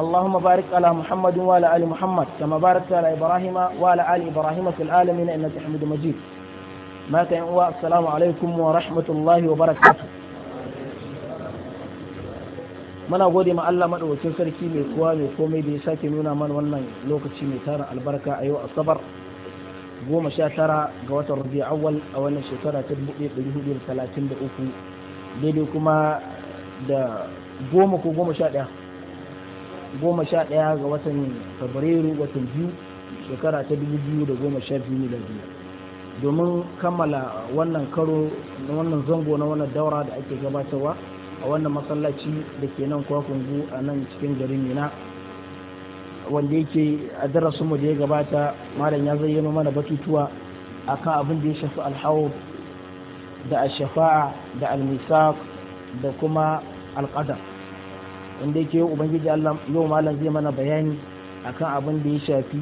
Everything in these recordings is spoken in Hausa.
اللهم بارك على محمد وعلى آل محمد كما باركت على إبراهيم وعلى آل إبراهيم في العالمين إنك حميد مجيد ما كان السلام عليكم ورحمة الله وبركاته muna gode ma Allah madaukakin sarki mai kuwa mai komai da ya sake nuna mana wannan lokaci mai tara albarka a yau asabar goma sha tara ga watan rabi awwal a wannan shekara ta dubu ɗaya talatin da uku daidai kuma da goma ko goma sha ɗaya goma sha ɗaya ga watan fabrairu watan biyu shekara ta dubu biyu da goma sha biyu biyu domin kammala wannan karo na wannan zango na wannan daura da ake gabatarwa a wannan masallaci da ke nan kwakungu a nan cikin garin mina wanda yake a darasinmu da ya gabata malam ya zayyano mana batutuwa a kan abin da ya shafi alhawo da ashafa'a da almisaq da kuma alqadar inda yake ubangiji Allah yau malam zai mana bayani akan abin da ya shafi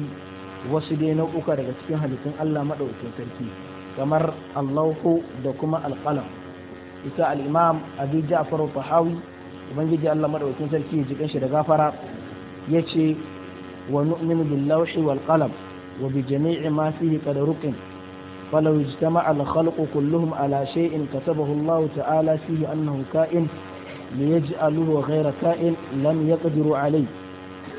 wasu dai nau'uka daga cikin halittun Allah madaukakin sarki kamar Allahu da kuma alƙalam. isa al-imam Abi Ja'far al ubangiji Allah maɗaukin sarki ya jikan shi da gafara yace wa nu'minu bil lawhi wal qalam wa bi jami'i ma fihi qad ruqin فلو اجتمع الخلق كلهم على شيء كتبه الله تعالى فيه أنه كائن ليجعلوه غير كائن لم يقدروا عليه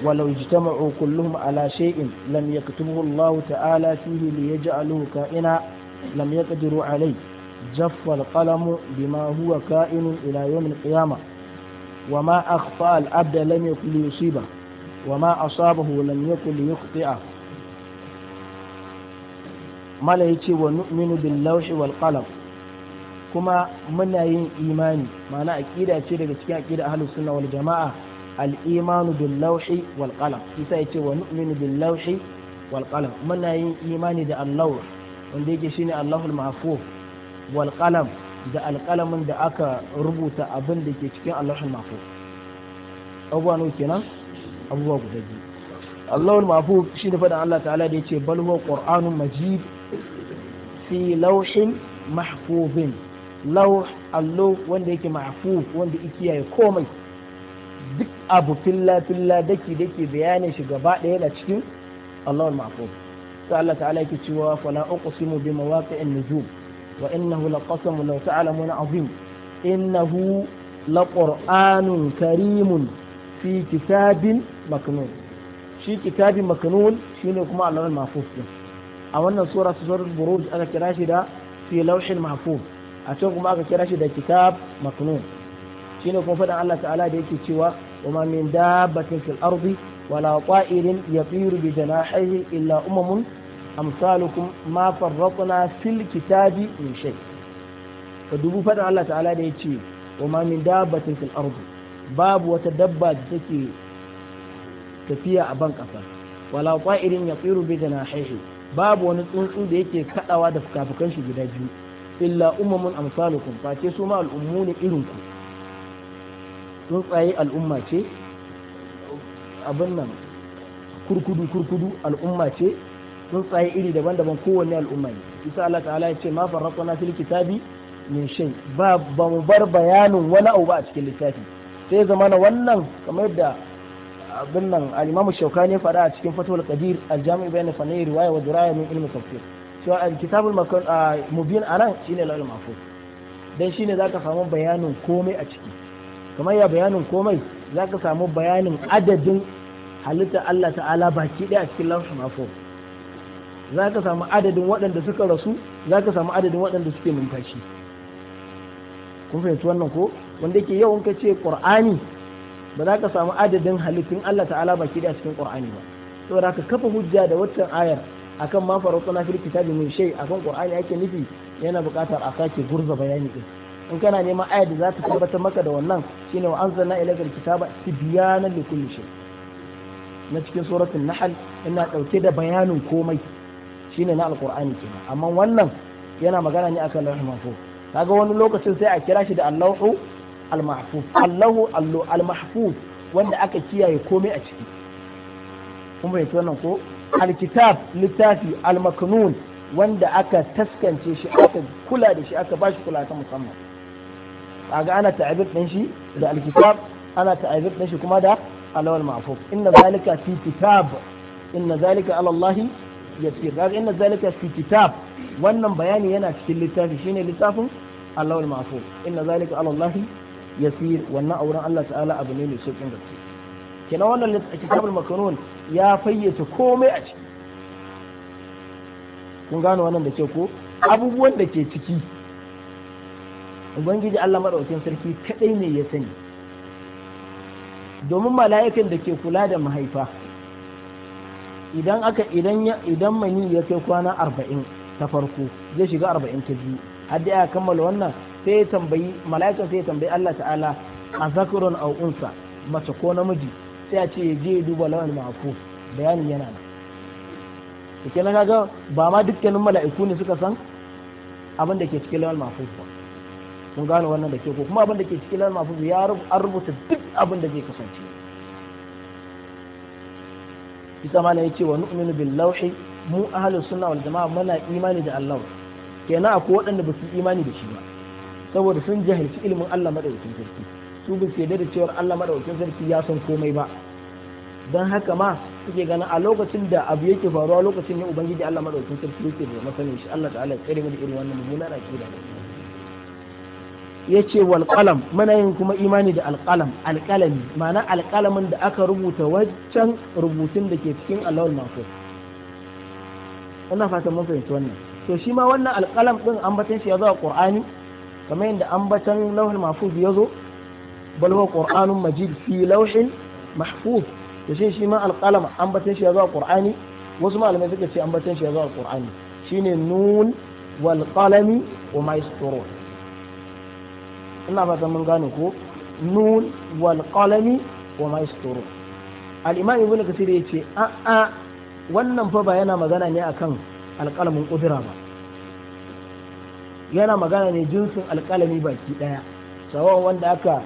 ولو اجتمعوا كلهم على شيء لم يكتبه الله تعالى فيه ليجعلوه كائنا لم يقدروا عليه جف القلم بما هو كائن إلى يوم القيامة وما أخطأ العبد لم يكن ليصيبه وما أصابه لم يكن ليخطئه ما لا ونؤمن باللوح والقلم kuma muna yin imani ma'ana aqida ce daga cikin aqida ahlus sunna wal jama'a al imanu bil lawhi wal qalam isa yace wa nu'minu bil lawhi wal qalam muna yin imani da Allah wanda yake shine Allahul mahfuz wal qalam da alqalamin da aka rubuta abin da ke cikin Allahul mahfuz abubuwa no kenan abubuwa guda biyu Allahul mahfuz shine fadan Allah ta'ala da yace bal huwa qur'anun majid fi lawhin mahfuzin lauh allo wanda yake mafu wanda yake komai duk abu filla filla daki daki bayanin shi gaba ɗaya yana cikin Allahul ma'fuf sai Allah ta'ala yake cewa fala uqsimu bi mawaqi'in nujum wa innahu laqasamun law ta'lamuna azim innahu laqur'anun karimun fi kitabin maknun shi kitabin maknun shine kuma Allahul ma'fuf a wannan sura suratul buruj aka kira shi da fi lawhin mahfuz a can kuma aka kira shi da kitab maknun shine kuma faɗin Allah ta'ala da yake cewa wa ma min dabbatin fil ardi wala qa'irin yatiru bi janahihi illa umamun amsalukum ma farraqna fil kitabi min shay ka dubu faɗin Allah ta'ala da yake wa ma min dabbatin fil ardi babu wata dabba da take tafiya a ban kasa wala qa'irin yatiru bi janahihi babu wani tsuntsu da yake kadawa da fukafukan shi guda biyu illa ummamun amsalukum face su ma al'ummu ne irin ku tsuntsaye al'umma ce abin nan kurkudu kurkudu al'umma ce tsuntsaye iri daban-daban kowanne al'umma ne isa Allah ta'ala ya ce ma farraqna fil kitabi min shay ba ba mu bar bayanin wani abu ba a cikin littafi sai zamana wannan kamar yadda abin nan al imamu shaukani faɗa a cikin Fathul Qadir al-Jami' bayan fanni riwaya wa diraya min ilmi tafsir So cewa kitabul makan uh, mubin anan shine lawul mafu dan shine zaka samu bayanin komai a ciki kamar ya bayanin komai zaka samu bayanin adadin halitta Allah ta'ala baki daya a cikin lawul mafu zaka samu adadin waɗanda suka rasu zaka samu adadin waɗanda suke numfashi kun fahimci wannan ko wanda yake yawan ka ce qur'ani ba za ka samu adadin halittun Allah ta'ala baki daya a cikin qur'ani ba saboda ka kafa hujja da waccan ayar akan ma na fil kitabi min shay akan qur'ani yake nufi yana buƙatar a sake gurza bayani din in kana neman aya da za ta tabbatar maka da wannan shine wa anzalna ilaika alkitaba tibyanan likulli shay na cikin suratul nahl ina dauke da bayanin komai shine na alqur'ani kenan amma wannan yana magana ne akan lahu mahfuz kaga wani lokacin sai a kira shi da allahu almahfuz allahu allahu almahfuz wanda aka kiyaye komai a ciki kuma yace wannan ko alkitab littafi almaknun wanda aka taskance shi aka kula da shi aka bashi kula ta musamman kaga ana ta'abir din shi da alkitab ana ta'abir din shi kuma da alawal ma'fuf inna zalika fi kitab inna zalika ala Allah yasir kaga inna zalika fi kitab wannan bayani yana cikin littafi shine littafin alawal ma'fuf inna zalika ala Allah yasir wannan auren Allah ta'ala abu ne mai saukin gaske kenan wannan littafin makanun ya fayyace komai a ciki kun gano wannan da ke ko abubuwan da ke ciki ubangiji Allah madaukakin sarki kadai ne ya sani domin mala'ikan da ke kula da mahaifa idan aka idan idan mani ya kai kwana arba'in ta farko zai shiga arba'in ta biyu har da ya kammala wannan sai ya tambayi mala'ikan sai ya tambayi Allah ta'ala a zakarun a'unsa mace ko namiji sai a ce ya je ya duba lawan ma'afu bayanin yana nan cikin na kaga ba ma dukkanin mala'iku ne suka san abin da ke cikin lawan ma'afu ba mun gane wannan da ke ko kuma abin da ke cikin lawan ma'afu ya rubuta duk abin da zai kasance isa na yi ce wa nu'minu bil lawhi mu ahlus sunna wal jama'a muna imani da Allah kenan akwai waɗanda ba su imani da shi ba saboda sun jahilci ilimin Allah madaukakin sarki su ke su da cewar Allah madaukakin sarki ya san komai ba don haka ma suke ganin a lokacin da abu yake faruwa lokacin ne ubangiji Allah madaukakin sarki yake da masanin shi Allah ta'ala ya tsare mu da irin wannan da mummunar akida yace wal qalam muna yin kuma imani da alqalam alqalami ma'ana qalamin da aka rubuta waccan rubutun da ke cikin Allahul mahfuz ina fatan mun fahimci wannan to shi ma wannan qalam din ambatan shi ya zo a Qur'ani kamar yadda ambatan Lauhul mahfuz ya zo bal huwa qur'anun majid fi lawhin mahfuz to shi shi ma alqalam ambatan shi ya zo qur'ani wasu malamai suka ce ambatan shi ya zo qur'ani shine nun wal qalami wa ma ina fata mun gane ko nun wal qalami wa ma yasturun al-imam ibnu kasir yace a a wannan fa ba yana magana ne akan alqalamin qudra ba yana magana ne jinsin alƙalami baki ɗaya sawa wanda aka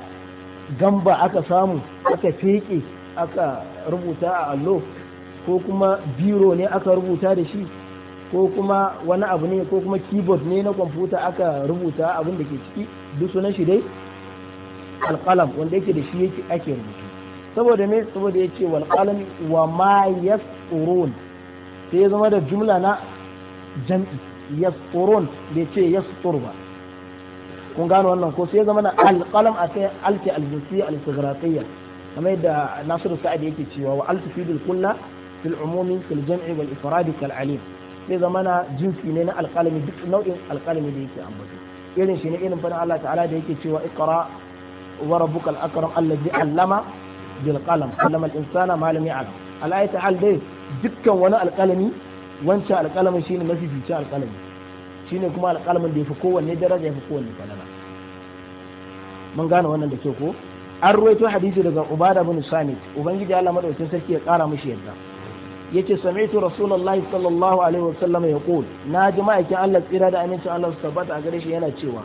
gamba aka samu aka feke aka rubuta a allo ko kuma biro ne aka rubuta da shi ko kuma wani abu ne ko kuma keyboard ne na kwamfuta aka rubuta abin da ke ciki duk sunan shi dai alƙalam wanda yake da shi yake ake rubutu saboda me saboda ya ce walƙalam wa ma yasurun sai ya zama da jumla na jam'i da bai ce yasqur ba kun gano wannan ko sai zama na alƙalam a kai alki aljinsiya alistigrafiyya kamar yadda nasiru sa'ad yake cewa wa altufidul kulla fil umumi fil jam'i wal ifradi kal alim sai zama na jinsi ne na alƙalami duk nau'in alƙalami da yake ambato irin shi ne irin fadin Allah ta'ala da yake cewa iqra wa rabbukal akram allazi allama bil qalam allama al insana ma lam ya'lam al ayata al dai dukkan wani alƙalami wancan alƙalamin shine mafificin alƙalami shine kuma alƙalmin da ya fi kowanne daraja ya fi kowanne falala mun gane wannan da ke ko an ruwaito hadisi daga ubada bin samit ubangiji Allah madaukakin sarki ya ƙara mishi yadda yace sami'tu rasulullahi sallallahu alaihi wasallam yaqul na ji ma'aikin Allah tsira da amincin Allah su tabbata a gare shi yana cewa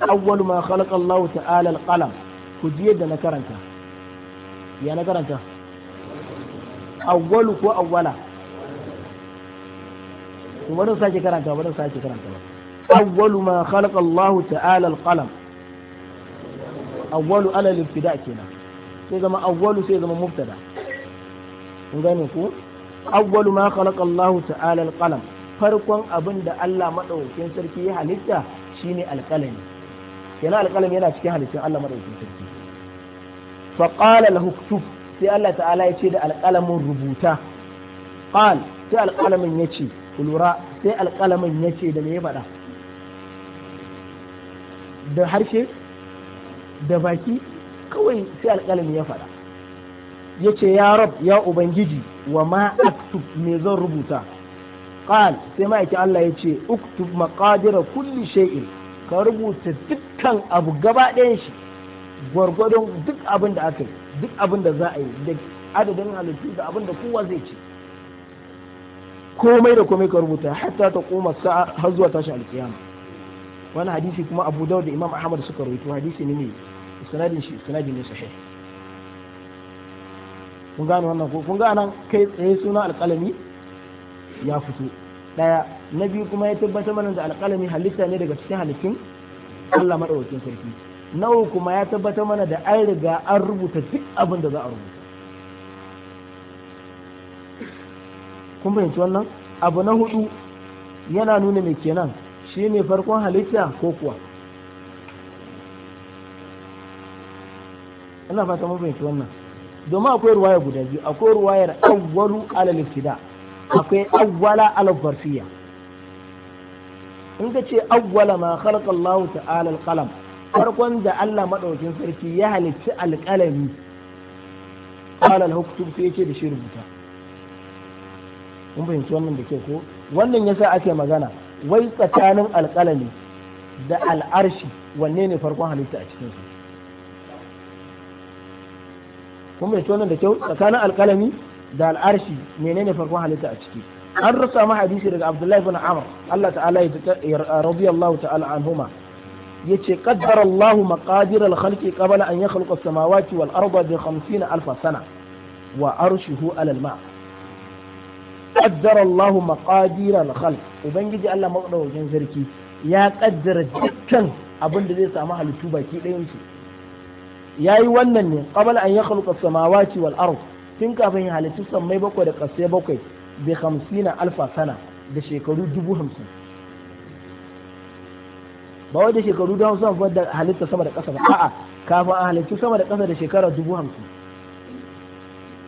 awwal ma khalaqa Allah ta'ala al-qalam ku ji yadda na karanta ya na karanta awwalu ko awwala to bari sake karanta bari sake karanta awwalu ma khalaqa Allah ta'ala al-qalam awwalu ala al-ibtida kenan sai zama awwalu sai zama mubtada kun gane ko awwalu ma khalaqa Allah ta'ala al-qalam farkon abin da Allah madaukakin sarki ya halitta shine alqalami kenan alqalami yana cikin halittun Allah madaukakin sarki fa qala lahu kutub sai Allah ta'ala ya ce da alqalamin rubuta qal sai alqalamin ya ce Kulura sai alƙalamin ya ce da me ya faɗa da harshe da baki kawai sai alƙalami ya faɗa ya ce ya rab ya ubangiji wa ma aktub me zan rubuta qal sai ma'aikin Allah ya ce uktub maqadira kulli shay'in ka rubuta dukkan abu gaba ɗayan shi gwargwadon duk abin da aka yi duk abin da za a yi da adadin halittu da abin da kowa zai ce. komai da komai ka rubuta hatta ta koma sa'a har zuwa tashi alkiyama wani hadisi kuma Abu dawo da Imam Ahmad suka rubuta hadisi ne ne sanadin shi sanadin ne sahih kun gane wannan ko kun gane kai tsaye suna alƙalami ya fito daya na biyu kuma ya tabbatar mana da alkalami halitta ne daga cikin halittun Allah madaukakin sarki na uku kuma ya tabbatar mana da an riga an rubuta duk abin da za a rubuta kun fahimci wannan abu na hudu yana nuna mai kenan shi ne farkon halitta ko kuwa ina fata mun fahimci wannan domin akwai ruwaya guda biyu akwai ruwayar awwalu alal ibtida akwai awwala alal farfiya in ka ce awwala ma khalaqa Allah ta'ala al-qalam farkon da Allah madaukin sarki ya halitta alƙalami qala al-huktub sai ce da shi rubuta mun fahimci wannan da ke ko wannan yasa ake magana wai tsakanin alƙalami da al'arshi wanne ne farkon halitta a cikinsu kun fahimci wannan da kyau tsakanin alƙalami da al'arshi menene farkon halitta a ciki an rasa ma hadisi daga abdullahi bin amr Allah ta'ala ya radiyallahu ta'ala anhuma yace qaddara Allah maqadir al-khalqi qabla an yakhluqa as-samawati wal arda bi 50 alf sana wa arshuhu ala al-ma' qaddara Allahu maqadir al-khalq ubangiji Allah madaukakin sarki ya kaddara dukkan abin da zai samu halittu baki ɗayan su yi wannan ne qabla an yakhluqa samawati wal aro tun kafin ya halittu sammai bakwai da ƙasai bakwai bi 50 alfa sana da shekaru dubu hamsin ba wai da shekaru dubu hamsin ba da halitta sama da ƙasa ba a'a kafin a halittu sama da ƙasa da shekara dubu hamsin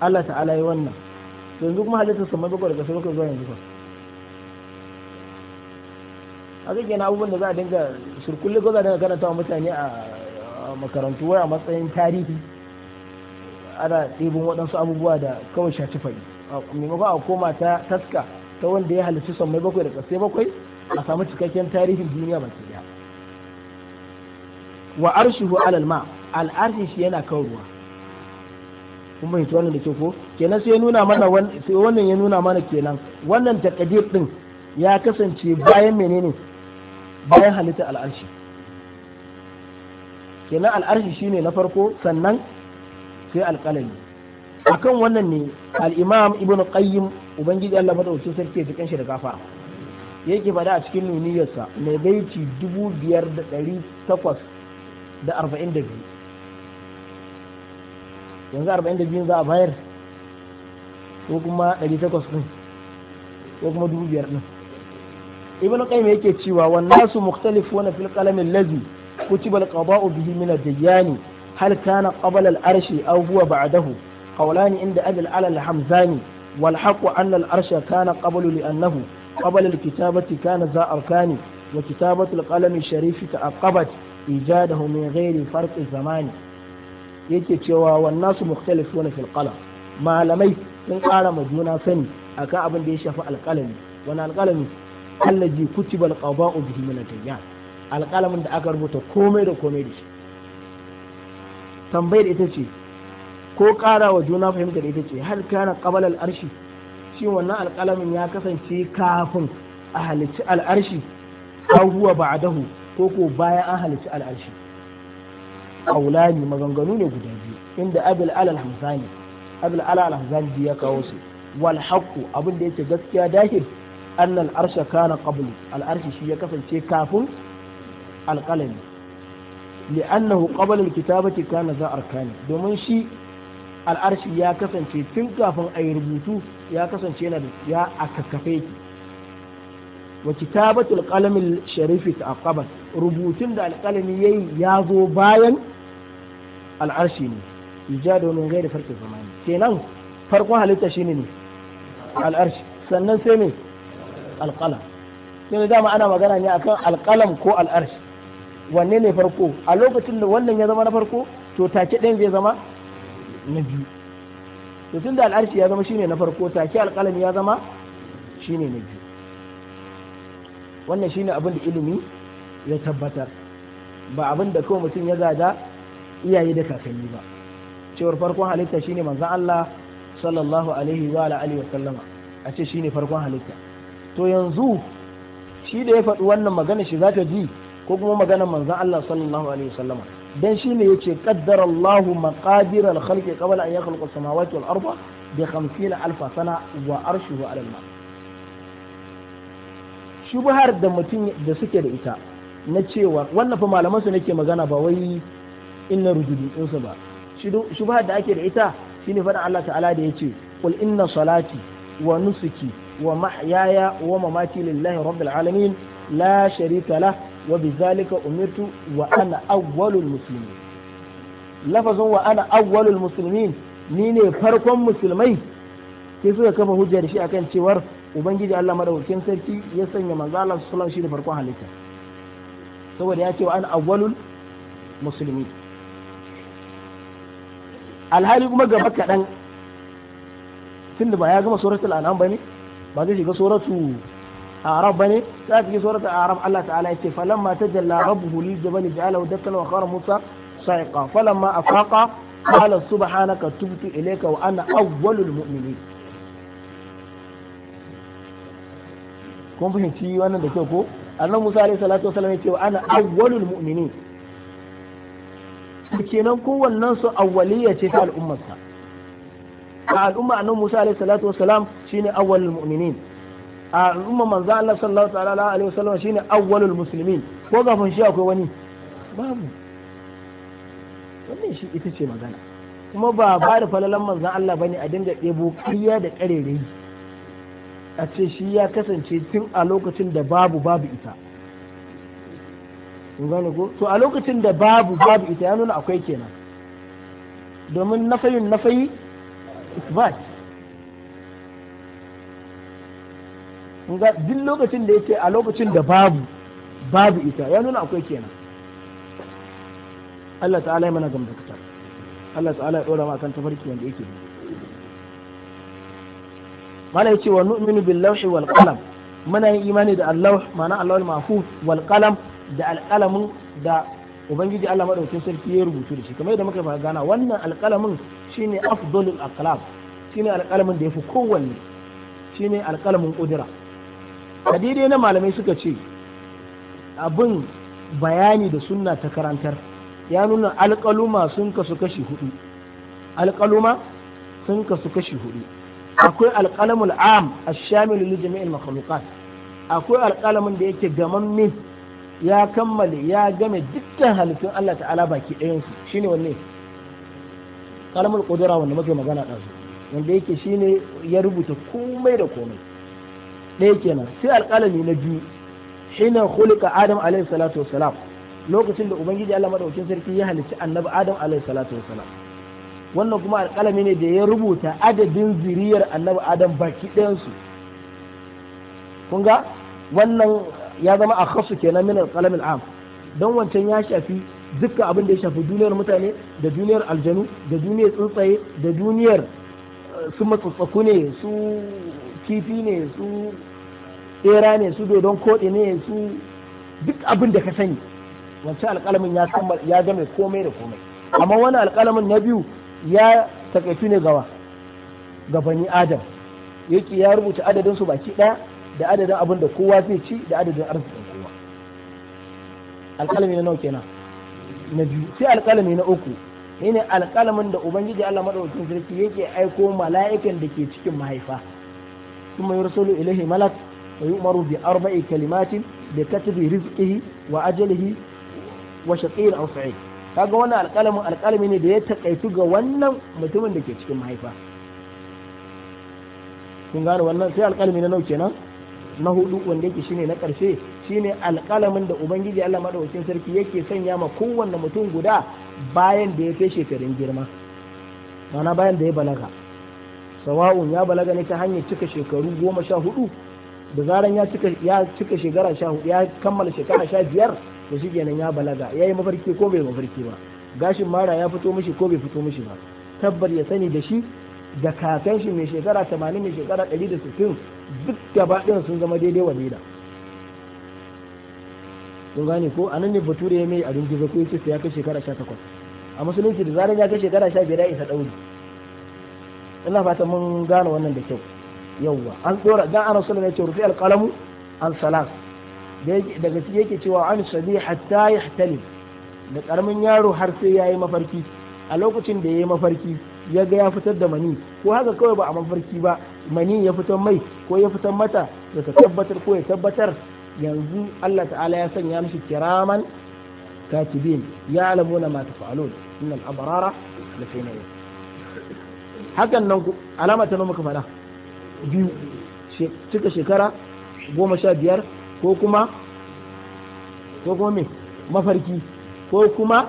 Allah ta'ala yi wannan yanzu kuma halittar sama bakwai daga sai zuwa yanzu ba a zai kenan abubuwan da za a dinga shirkulle ko za a dinga karanta wa mutane a makarantu waya a matsayin tarihi ana ɗibin waɗansu abubuwa da kawai shaci fari maimakon a koma ta taska ta wanda ya halittu mai bakwai da ƙasai bakwai a samu cikakken tarihin duniya baki ɗaya wa arshihu alal ma al'arshi shi yana kan ruwa kun bai wannan da ke ko kenan sai ya nuna mana wannan ya nuna mana kenan wannan takadir din ya kasance bayan menene bayan halitta al'arshi kenan al'arshi shine na farko sannan sai alƙalami akan wannan ne al Ibn ibnu qayyim ubangiji Allah madaukakin sarki ya kanshi da kafa. yake faɗa a cikin nuniyarsa mai baiti dubu biyar da ɗari takwas da arba'in da biyu yanzu 42 za a bayar ko kuma 800 ɗin ko kuma biyar ɗin ibn qayyim yake cewa wan nasu mukhtalifuna fil qalam allazi kutiba al-qada'u bihi min ad hal kana qabla al-arshi aw huwa ba'dahu qawlan inda abi al-ala al-hamzani wal haqqu anna al-arsha kana qablu li annahu qabla al-kitabati kana za arkani وكتابة القلم الشريف تعقبت إيجاده من غير فرق zamani yake cewa wannan su mukhtalifuna fil qalam malamai sun kara ma juna sani akan abin da ya shafi alƙalami wani alƙalami allaji kutibal qada'u bihi min ad-dunya alƙalamin da aka rubuta komai da komai da shi tambayar ita ce ko ƙara wa juna fahimtar ita ce har kana qabal al-arshi shin wannan alƙalamin ya kasance kafin a halicci al'arshi ko huwa ba'dahu ko ko bayan an halicci al'arshi kaulani maganganu ne guda biyu inda abul alal hamzani abul alal hamzani ya kawo su wal haqqu abin da yake gaskiya dahir anna al arsha kana qablu al arshi shi ya kasance kafin al qalami li'annahu qabla al kitabati kana za arkani domin shi al arshi ya kasance tun kafin ayi rubutu ya kasance yana da ya akakafe wa kitabatul qalam al sharif ta'aqabat rubutun da al qalami yayi ya zo bayan al'arshi ne ijado domin gairi farki zamani kenan farkon halitta shine ne al'arshi sannan sai ne alqalam sai da dama ana magana ne akan alqalam ko al'arshi wanne ne farko a lokacin da wannan ya zama na farko to take ɗayan zai zama na biyu to tunda al'arshi ya zama shine na farko take alqalam ya zama shine na biyu wannan shine abin da ilimi ya tabbatar ba abin da kawai mutum ya gada iyaye da kakanni ba cewar farkon halitta shine manzon Allah sallallahu alaihi wa alihi wasallama a ce shine farkon halitta to yanzu shi da ya faɗi wannan magana shi zaka ji ko kuma magana manzon Allah sallallahu alaihi wasallama dan shine yace qaddara Allahu maqadir al-khalqi qabla an yakhluqa as-samawati wal arda bi 50000 sana wa arshuhu ala al-ma shubhar da mutum da suke da ita na cewa wannan fa malaman su nake magana ba wai inna rujudi ba shubhar da ake da ita shine faɗin Allah ta'ala da yace qul inna salati wa nusuki wa mahyaya wa mamati lillahi rabbil alamin la sharika lah wa bizalika umirtu wa ana awwalul muslimin lafazin wa ana awwalul muslimin ni ne farkon musulmai sai suka kafa hujja da shi akan cewar ubangiji Allah madaukakin sarki ya sanya manzo Allah sallallahu alaihi wasallam shi ne farkon halitta saboda ya ce wa ana awwalul muslimin alhali kuma gaba kaɗan tun da ba ya gama suratul an'am bane ba zai shiga suratu arab bane sai shiga suratul arab Allah ta'ala yace falamma tajalla rabbuhu lil jabali ja'alahu dakkan wa khara musa sa'iqa falamma afaqa qala subhanaka tubtu ilayka wa ana awwalul mu'minin kun fahimci wannan da kyau ko annabi Musa alaihi salatu wasallam yace wa ana awwalul mu'minin to kenan kowannen su awwaliyya ce ta al'ummarsa a al'umma annabi Musa alaihi salatu wasalam shine awwalul mu'minin a al'umma manzo Allah sallallahu ta'ala alaihi wasallam shine awwalul muslimin ko kafin shi akwai wani babu wannan shi ita ce magana kuma ba ba da falalan manzo Allah bane a dinga ɗebo kiyya da ƙarerayi a ce shi ya kasance tun a lokacin da babu babu ita in gane ko to a lokacin da babu babu ita ya nuna akwai kenan domin nafayin nafayi isbat In ga duk lokacin da yake a lokacin da babu babu ita ya nuna akwai kenan Allah ta'ala ya mana gamdakata Allah ta'ala ya dora ma kan tafarki wanda yake mana yace wa nu'minu bil lawhi wal qalam mana yin imani da Allah ma'ana Allah al mahfuz wal qalam da alƙalamin da ubangiji Allah madaukakin sarki ya rubutu da shi kamar yadda muka fara gana wannan alƙalamin shine afdalul aqlam shine alƙalamin da yafi kowanne shine alƙalamin kudura kadide na malamai suka ce abin bayani da sunna ta karantar ya nuna alƙaluma sun kasu kashi hudu alƙaluma sun kasu kashi hudu akwai alƙalamul am ash-shamil li jami'il makhluqat akwai alƙalamin da yake gamamme ya kammale ya game dukkan halittun Allah ta'ala baki ɗayansu shine wanne kalamul kudura wanda mafi magana ɗazu wanda yake shine ya rubuta komai da komai ɗaya kenan sai alƙalami na biyu shine hulika adam alaihi salatu wassalam lokacin da ubangiji Allah madaukakin sarki ya halicci annabi adam alaihi salatu wassalam wannan kuma alƙalami ne da ya rubuta adadin ziriyar annabi adam baki ɗayansu kun ga wannan ya zama a khasu kenan min al-qalam al-am dan wancan ya shafi dukkan abin da ya shafi duniyar mutane da duniyar aljanu da duniyar tsuntsaye da duniyar eh, su matsatsaku ne su kifi ne su tsera ne su dodon koɗi ne su duk abin da ka sani wancan alƙalamin ya ya game komai da komai amma wani alƙalamin na biyu ya takaitu ne gawa ga bani adam yake ya rubuta adadin su baki ɗaya da adadin abin da kowa zai ci da adadin arzikin kowa alƙalami na nauke na na biyu sai alƙalami na uku ne alƙalamin da ubangiji Allah madaukakin sarki yake aiko mala'ikan da ke cikin mahaifa kuma yursalu ilaihi malak wa umaru bi arba'i kalimatin bi katbi rizqihi wa ajalihi wa shaqiyyin aw sa'id kaga wannan alƙalamin alƙalami ne da ya takaitu ga wannan mutumin da ke cikin mahaifa kun gane wannan sai alƙalami na nauke na. na hudu wanda yake shine na karshe shine alƙalamin da ubangiji Allah madaukakin sarki yake sanya ma kowanne mutum guda bayan da ya kai shekarun girma mana bayan da ya balaga sawa'un ya balaga ne ta hanyar cika shekaru goma sha hudu da zaran ya cika ya cika shekara sha ya kammala shekara sha biyar to shi kenan ya balaga ya yi mafarki ko bai mafarki ba gashin mara ya fito mishi ko bai fito mishi ba tabbar ya sani da shi da kakan shi mai shekara tamanin mai shekara ɗari duk gaba ɗin sun zama daidai wa daida kun gane ko anan ne bature ya mai a rungizo ko yace ya kai shekara sha takwas. a musulunci da zarar ya kai shekara sha biyar ya isa ɗauri ina fata mun gane wannan da kyau yawwa an tsora dan ana sallallahu ce rufi alƙalamu an salas daga cikin yake cewa an sabi hatta ya hatali da karamin yaro har sai ya yi mafarki a lokacin da ya yi mafarki ya ga ya fitar da mani ko haka kawai ba a mafarki ba mani ya fito mai ko ya fito mata da ta tabbatar ko ya tabbatar yanzu Allah ta'ala ya sanya mishi kiraman katibin ya alamuna ma tafa'alun innal abrara la fi na'im hakan nan alama ta muka fada biyu cika shekara goma sha biyar ko kuma ko kuma me mafarki ko kuma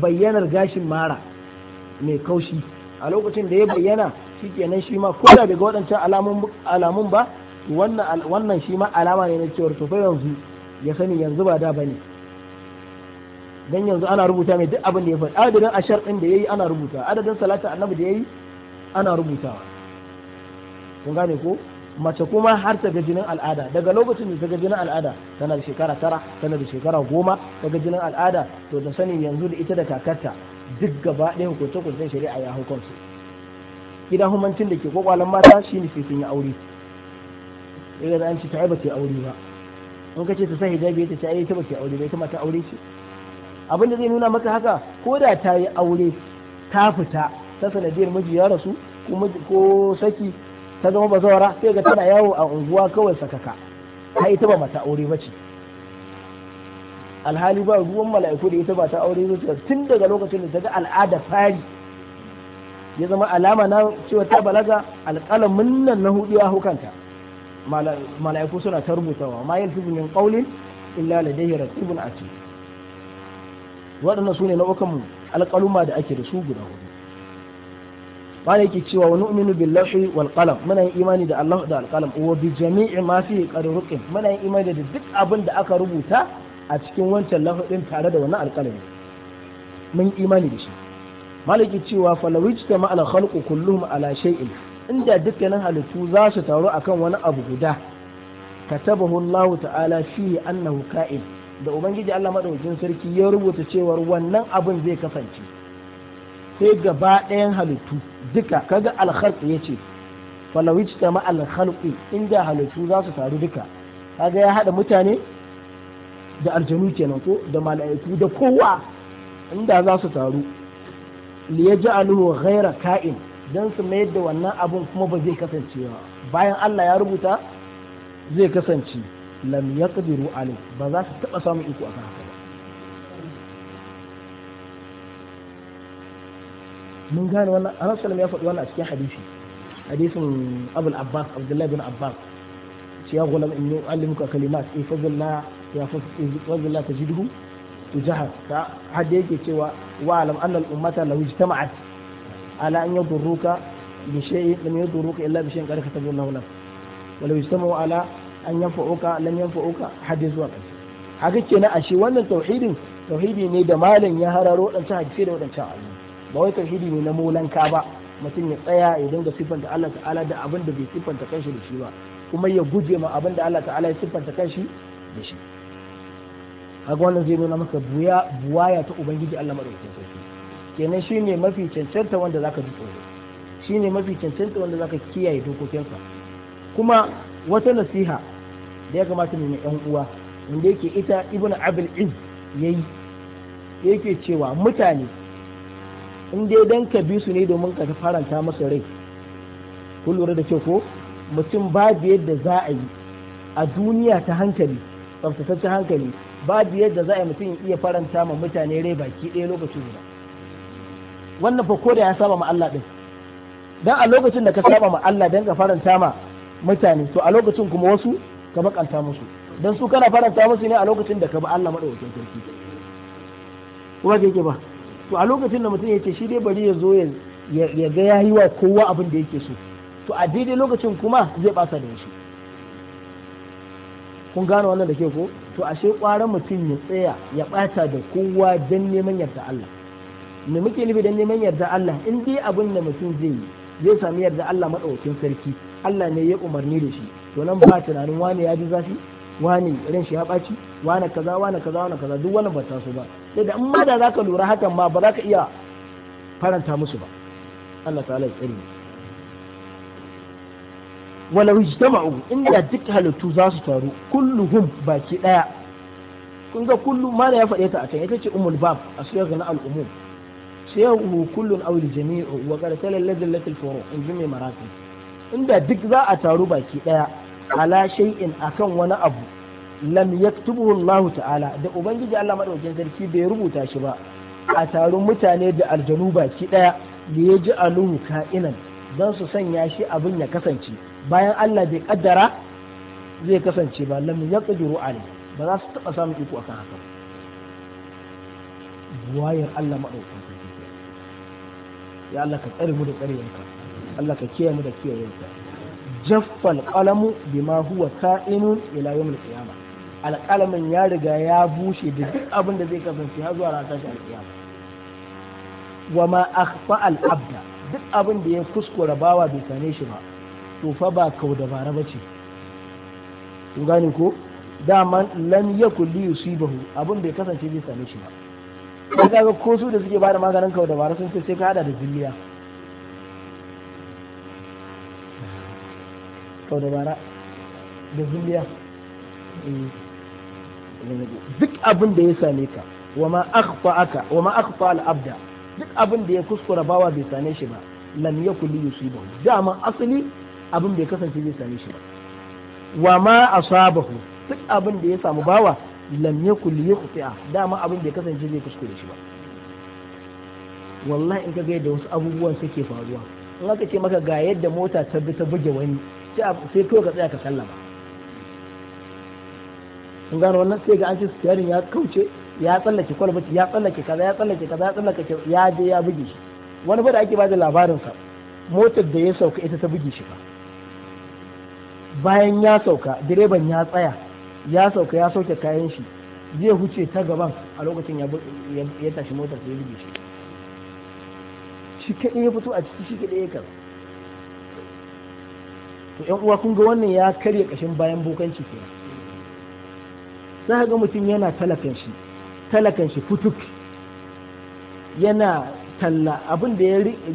bayyanar gashin mara mai kaushi a lokacin da ya bayyana shi kenan shi ma ko da daga waɗancan alamun ba wannan shi ma alama ne na cewar to yanzu ya sani yanzu ba da bane don yanzu ana rubuta mai duk abin da ya faɗi adadin ashar ɗin da yi ana rubuta adadin salata annabi da ya yi ana rubutawa kun gane ko mace kuma har ta gajinin jinin al'ada daga lokacin da ta ga jinin al'ada tana da shekara tara tana da shekara goma ta ga jinin al'ada to da sani yanzu da ita da kakarta duk gaba ɗaya hukunce-hukuncen shari'a ya hukunce gidan humancin da ke kwakwalan mata shine sai sun yi aure ya ga an ci ta ba ta aure ba in ka ce ta sa hijabi ta ce ai ta ba ta aure ba ita ma aure ce abin da zai nuna maka haka ko da ta yi aure ta fita ta sanadiyar miji ya rasu ko saki ta zama bazawara sai ga tana yawo a unguwa kawai sakaka Ta ita ba mata aure ba ce alhali ba ruwan mala'iku da ita ba ta aure ba tun daga lokacin da ta ga al'ada fari ya zama alama na cewa ta balaga alƙalamin nan na hudu ya hukanta mala'iku suna ta rubutawa ma yalfizu min qawlin illa ladayhi raqibun atid waɗannan sune nau'ukan alƙaluma da ake da su guda hudu wani yake cewa wani uminu bin wal walƙalam, muna yin imani da Allah da alƙalam, uwa bi jami'i ma fi qadruqin muna yin imani da duk abin da aka rubuta a cikin wancan lafazin tare da wannan alqalami mun imani da shi Maliki cewa falawici ta ma'al khalqu kullum ala shay'in inda dukkanin halittu za su taru akan wani abu guda katabahu Allah ta'ala fihi annahu ka'in da ubangiji Allah madaukakin sarki ya rubuta cewa wannan abin zai kasance sai gaba ɗayan halittu duka kaga al yace falawici ta ma'al khalqi inda halittu za su taru duka kaga ya haɗa mutane da aljanu kenan ko da mala'iku da kowa inda za su taru liyaj'aluhu ghayra ka'in dan su mayar da wannan abun kuma ba zai kasance ba bayan Allah ya rubuta zai kasance lam yaqdiru alayh ba za su taba samun iko akan haka ba mun gane wannan Annabi sallallahu ya faɗi wannan a cikin hadisi hadisin Abu abbas Abdullah bin Abbas ce ya gulam in yu'allimuka kalimat ifadillah eh, ya fadillah tajidhu jahar ta hadda yake cewa wa alam annal ummata law ijtama'at ala an yadurruka bi shay'in lam yadurruka illa bi shay'in qad tabu Allahu lak wa law ijtama'u ala an yanfa'uka lam yanfa'uka hadda zuwa ƙarshe haka kenan ashe wannan tauhidin tauhidi ne da malam ya hararo ta hadisi da wadancan Allah ba wai tauhidi ne na ka ba mutum ya tsaya ya dinga sifanta Allah ta'ala da abin da bai sifanta kanshi da shi ba kuma ya guje ma abin da Allah ta'ala ya sifanta kanshi da shi kaga wannan zai nuna maka buwaya ta ubangiji Allah madaukakin sarki kenan shine mafi cancanta wanda zaka ji tsoro shine mafi cancanta wanda zaka kiyaye dokokinsa kuma wata nasiha da ya kamata mu yan uwa wanda yake ita ibn abul iz yayi yake cewa mutane in dai dan ka bi su ne domin ka faranta masa rai kun da kyau ko mutum babu yadda za a yi a duniya ta hankali tsaftataccen hankali babu yadda za a mutum iya faranta ma mutane rai baki ɗaya lokacin guda wannan fa ko da ya saba ma Allah din dan a lokacin da ka saba ma Allah dan ka faranta ma mutane to a lokacin kuma wasu ka bakanta musu dan su kana faranta musu ne a lokacin da ka ba Allah madaukakin sarki kuma yake ba to a lokacin da mutum yake shi dai bari ya zo ya ga yayi wa kowa abin da yake so to a daidai lokacin kuma zai basa da shi kun gane wannan da ke ko to ashe kwaran mutum ya tsaya ya ɓata da kowa don neman yarda Allah me muke nufi don neman yarda Allah in dai abin da mutum zai yi zai sami yarda Allah maɗaukin sarki Allah ne ya umarni da shi to nan ba tunanin wani ya ji zafi Wani ran shi ya baci Wani kaza Wani kaza Wani kaza duk wani ba ta so ba sai da in ma da zaka lura hakan ma ba za ka iya faranta musu ba Allah ta'ala ya tsare walau ijtama'u inda duk halittu za su taru kulluhum baki daya kun ga kullu mala ya faɗe ta a can ita ce umul bab a suyar na al'umum sayahu kullun aw jami'u wa qad tala ladallatil furu in jimi marati inda duk za a taru baki daya ala shay'in akan wani abu lam yaktubuhu Allah ta'ala da ubangiji Allah madaukakin sarki bai rubuta shi ba a taron mutane da aljanu baki daya da ya ji aluhu ka'inan don su sanya shi abin ya kasance bayan Allah bai kaddara zai kasance ba lam yaqdiru Ali, ba za su taba samun iko akan haka buwayar Allah madaukakin sarki ya Allah ka tsare mu da tsarewanka Allah ka kiyaye mu da kiyayenka jaffal qalamu bima huwa ka'inun ila yawmil qiyamah alƙalamin ya riga ya bushe da duk abin da zai kasance har zuwa ranar tashi alƙiyama wa ma akhfa al-abda duk abin da ya kuskura bawa bai sane shi ba to fa ba kau dabara ba ce kun gane ko dama lam yakul li yusibahu da bai kasance zai same shi ba kaga ko su da suke bada maganin kau dabara sun ce sai ka hada da zilliya kau dabara da zilliya eh. duk abin da ya same ka wa ma akhfa aka wa ma akhfa al abda duk abin da ya kuskura bawa bai same shi ba lam yakul li yusibahu dama asali abin bai kasance zai same shi ba wa ma asabahu duk abin da ya samu bawa lam yakul yukhti'a dama abin bai kasance zai kuskure shi ba wallahi in ka ga da wasu abubuwan suke faruwa in aka ce maka ga yadda mota ta bi ta buge wani sai kawai ka tsaya ka sallama sun gano wannan sai ga an ce siyarin ya kauce ya tsallake kwalbati ya tsallake kaza ya tsallake kaza ya tsallake ya je ya buge shi wani ba da ake da labarin sa motar da ya sauka ita ta buge shi ba. bayan ya sauka direban ya tsaya ya sauka ya sauke kayan shi zai huce ta gaban a lokacin ya tashi motar ta yi shi shi kaɗai ya fito a ciki shi kaɗai ya kaza to yan uwa kun ga wannan ya karya ƙashin bayan bokanci ke za ga mutum yana talakan shi talakan shi futuk yana talla abin da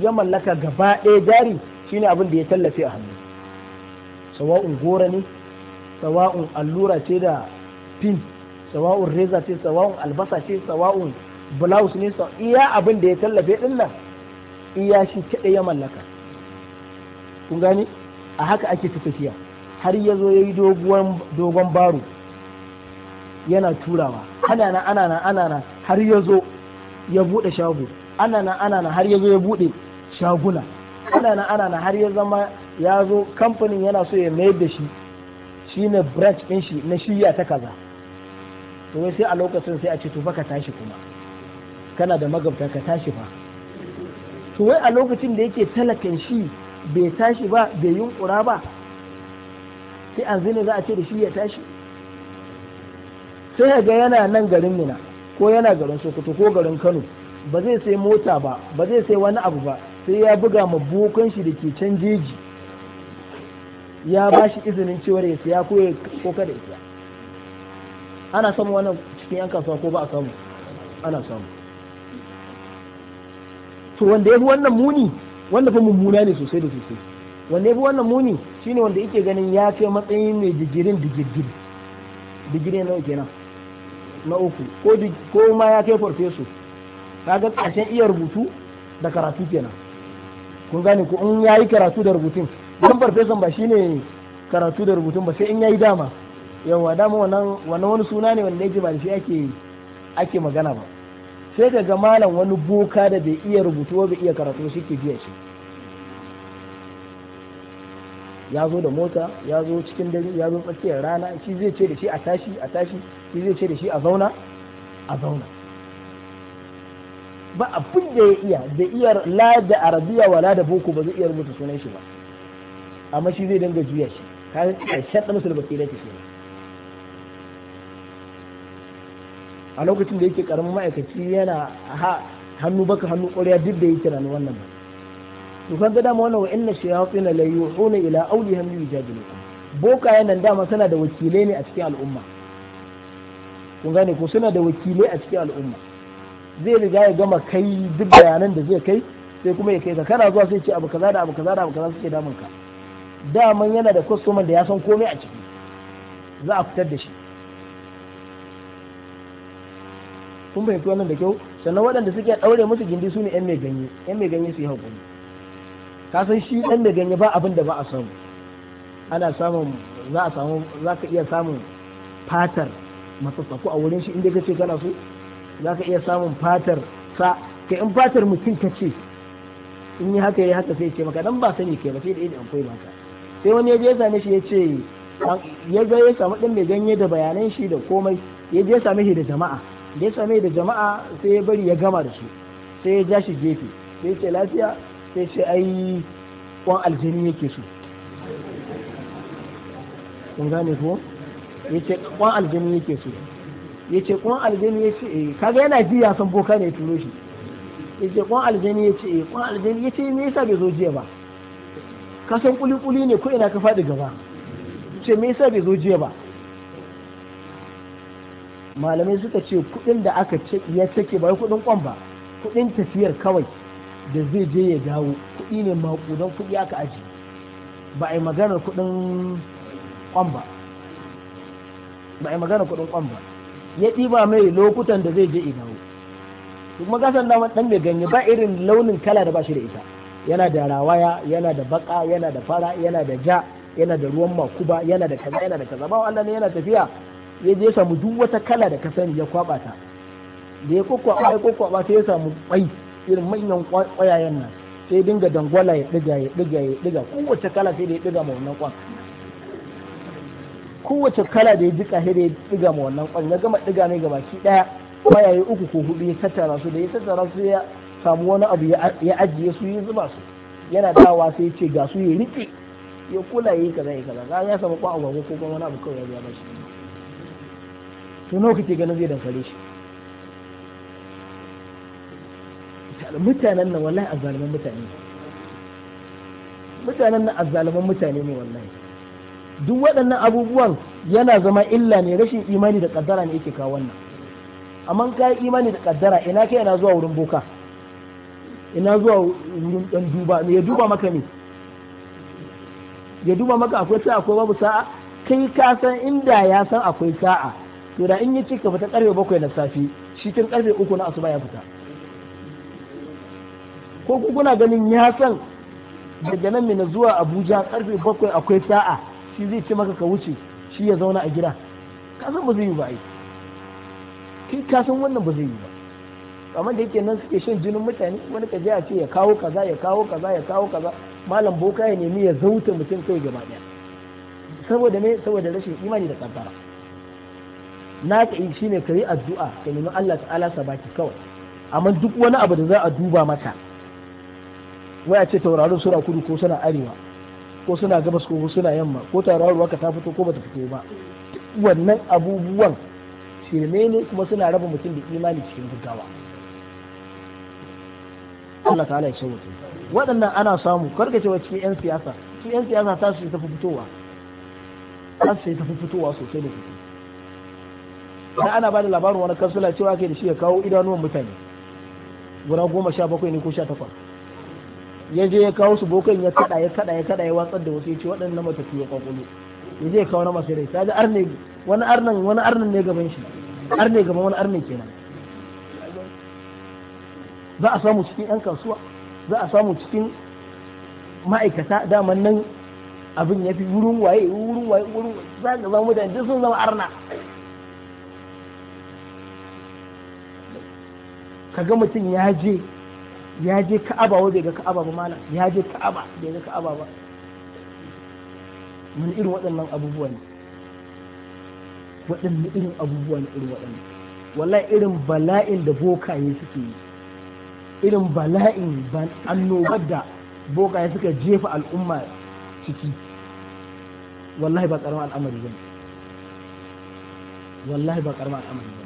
ya mallaka gaba ɗaya jari shine abin da ya tallafe a hannu sawa'un gora ne sawa'un allura ce da pin sawa'un reza ce sawa'un albasa ce sawa'un blouse ne iya abin da ya tallafe din nan iya shi kaɗai ya mallaka kun gani a haka ake tafiya har ya zo ya yi dogon baro yana turawa ana na ana na ana na har ya zo ya bude shago ana na ana na har ya zo ya bude shaguna ana na ana na har ya zama ya zo kamfanin yana so ya mayar da shi shi ne branch ɗin shi na shi ta kaza to wai sai a lokacin sai a ce tufa ka tashi kuma kana da magabta ka tashi fa to wai a lokacin da yake talakan shi bai tashi ba bai yunkura ba sai an zina za a ce da shi ya tashi sai ya ga yana nan garin mina ko yana garin sokoto ko garin kano ba zai sai mota ba ba zai sai wani abu ba sai ya buga ma bokan shi da ke can jeji ya ba shi izinin cewar ya siya ko ko kada ya siya ana samu wannan cikin yan kasuwa ko ba a samu ana samu to wanda ya fi wannan muni wanda fa mummuna ne sosai da sosai wanda ya fi wannan muni shine wanda yake ganin ya kai matsayin mai digirin digirgir digiri nawa kenan na uku ko ko ma ya kai farfeso kaga tsashen iya rubutu da karatu kenan kun gane ko in yayi karatu da rubutun don farfesan ba shine karatu da rubutun ba sai in yayi dama yawa dama wannan wannan wani suna ne wanda yake ba da shi ake ake magana ba sai ka ga malam wani boka da bai iya rubutu ba bai iya karatu shi ke biya shi ya zo da mota ya zo cikin dare ya zo tsakiyar rana shi zai ce da shi a tashi a tashi shi zai ce da shi a zauna a zauna ba abin da ya iya da iya la da arabiya wala da boko ba zai iya rubuta sunan shi ba amma shi zai dinga juya shi kaga ƙarshen da musulun baki da ke a lokacin da yake karamin ma'aikaci yana hannu baka hannu ƙwarya duk da yake rani wannan ba to kan ga dama wannan wa inna shayatin la yuhuna ila awlihim yujadilu boka yana dama suna da wakilai ne a cikin al'umma kun gane ko suna da wakilai a cikin al'umma zai riga ya gama kai duk bayanan da zai kai sai kuma ya kai ka kana zuwa sai ce abu kaza da abu kaza da abu kaza suke damun ka daman yana da kwastoman da ya san komai a ciki za a fitar da shi kun fahimci wannan da kyau sannan waɗanda suke ɗaure musu gindi su ne ‘yan mai ganye ‘yan mai ganye su yi haƙuri ka san shi ɗan mai ganye ba abin da ba a samu ana samun za a samu za ka iya samun fatar masassaku a wurin shi inda ka ce kana so za ka iya samun fatar sa ka in fatar mutum ka ce in yi haka yi haka sai ce maka dan ba sani ke ba sai da idan akwai ka sai wani ya je same shi ya ce ya zo ya samu ɗin mai ganye da bayanan shi da komai ya je same shi da jama'a da ya same da jama'a sai ya bari ya gama da su sai ya ja shi gefe sai ce lafiya sai ce ai kwan aljini yake so kun gane ko ya ce kwan aljini yake so ya ce kwan aljini ya ce eh, kaga yana ji ya san boka ne turo shi ya ce kwan aljini ya ce eh, kwan aljini ya ce me yasa bai zo jiya ba ka san kuli-kuli ne ko ina ka faɗi gaba ce me yasa bai zo jiya ba malamai suka ce kuɗin da aka ce ya take ba kuɗin kwan ba kuɗin tafiyar kawai da zai je ya dawo kuɗi ne maƙudan kuɗi aka aji ba a yi maganar kuɗin kwan ba ba a yi maganar kuɗin kwan ba ya ɗiba mai lokutan da zai je ya dawo kuma gasan dama ɗan mai ganye ba irin launin kala da ba shi da ita yana da rawaya yana da baka yana da fara yana da ja yana da ruwan makuba yana da kaza yana da kaza ba Allah ne yana tafiya ya je samu duk wata kala da ka sani ya kwaba ta da ya kokwa ai kokwa sai ya samu kwai irin manyan kwayayen nan sai dinga dangwala ya diga ya diga ya diga kowace kala sai da ya diga ma wannan kwan kowace kala da ya jika sai da ya diga ma wannan kwan ya gama diga ne gabaki daya kwayaye uku ko hudu ya tattara su da ya tattara su ya samu wani abu ya ajiye su yi zuba su yana dawa sai ce ga su ya rike ya kula yi kaza ya kaza ya samu kwa agwagwa ko kuma wani abu kawai ya biya bashi to nawa kake ganin zai dankare shi mutanen nan wallahi zaluman mutane mutanen nan azzaluman mutane ne wallahi duk waɗannan abubuwan yana zama illa ne rashin imani da kaddara ne yake kawo wannan amma ka yi imani da kaddara ina kai yana zuwa wurin boka ina zuwa wurin dan duba ne ya duba maka ne ya duba maka akwai sa'a akwai babu sa'a kai ka san inda ya san akwai sa'a to da in yi ci ka fita karfe bakwai na safi shi kin karfe uku na asuba ya fita ko kuna ganin ya san daga nan mina zuwa abuja karfe bakwai akwai sa'a shi zai ci maka ka wuce shi ya zauna a gida ka san ba zai yi ba ai kai ka san wannan ba zai yi ba amma da yake nan suke shan jinin mutane wani kaje a ce ya kawo kaza ya kawo kaza ya kawo kaza malam boka ya nemi ya zauta mutum kai gaba daya saboda me saboda rashin imani da kaddara na ka yi shine ka yi addu'a ka nemi Allah ta'ala baki kawai amma duk wani abu da za a duba maka waya ce tauraron suna kudu ko suna arewa ko suna gabas ko suna yamma ko tauraruwa waka ta fito ko bata fito ba wannan abubuwan shirme ne kuma suna raba mutum da imani cikin gaggawa Allah ta'ala ya sauke waɗannan ana samu karka wa cikin yan siyasa su yan siyasa ta su tafi fitowa ta su tafi fitowa sosai da sosai da ana bada labarin wani kansula cewa ke da shi ya kawo idanuwan mutane guda goma sha bakwai ne ko sha takwas ya je ya kawo su bokan ya kada ya kada ya kada ya watsar da wasu ya ce waɗannan matafi ya kwakwalo ya je ya kawo na masu rai ta ji arne wani arnan wani arnan ne gaban shi arne gaban wani arne kenan za a samu cikin 'yan kasuwa za a samu cikin ma'aikata daman nan abin ya fi wurin waye wurin waye wurin za ka zama mutane duk sun zama arna ga mutum ya je ya je ka'aba wa bai ga ka'aba ba mana ya je ka'aba bai ga ka'aba ba mun irin waɗannan abubuwa ne waɗannan irin abubuwa ne irin waɗannan wallahi irin bala'in da bokaye suke yi irin bala'in annobar da bokaye suka jefa al'umma ciki wallahi ba karamin al'amari ba wallahi ba karamin al'amari ba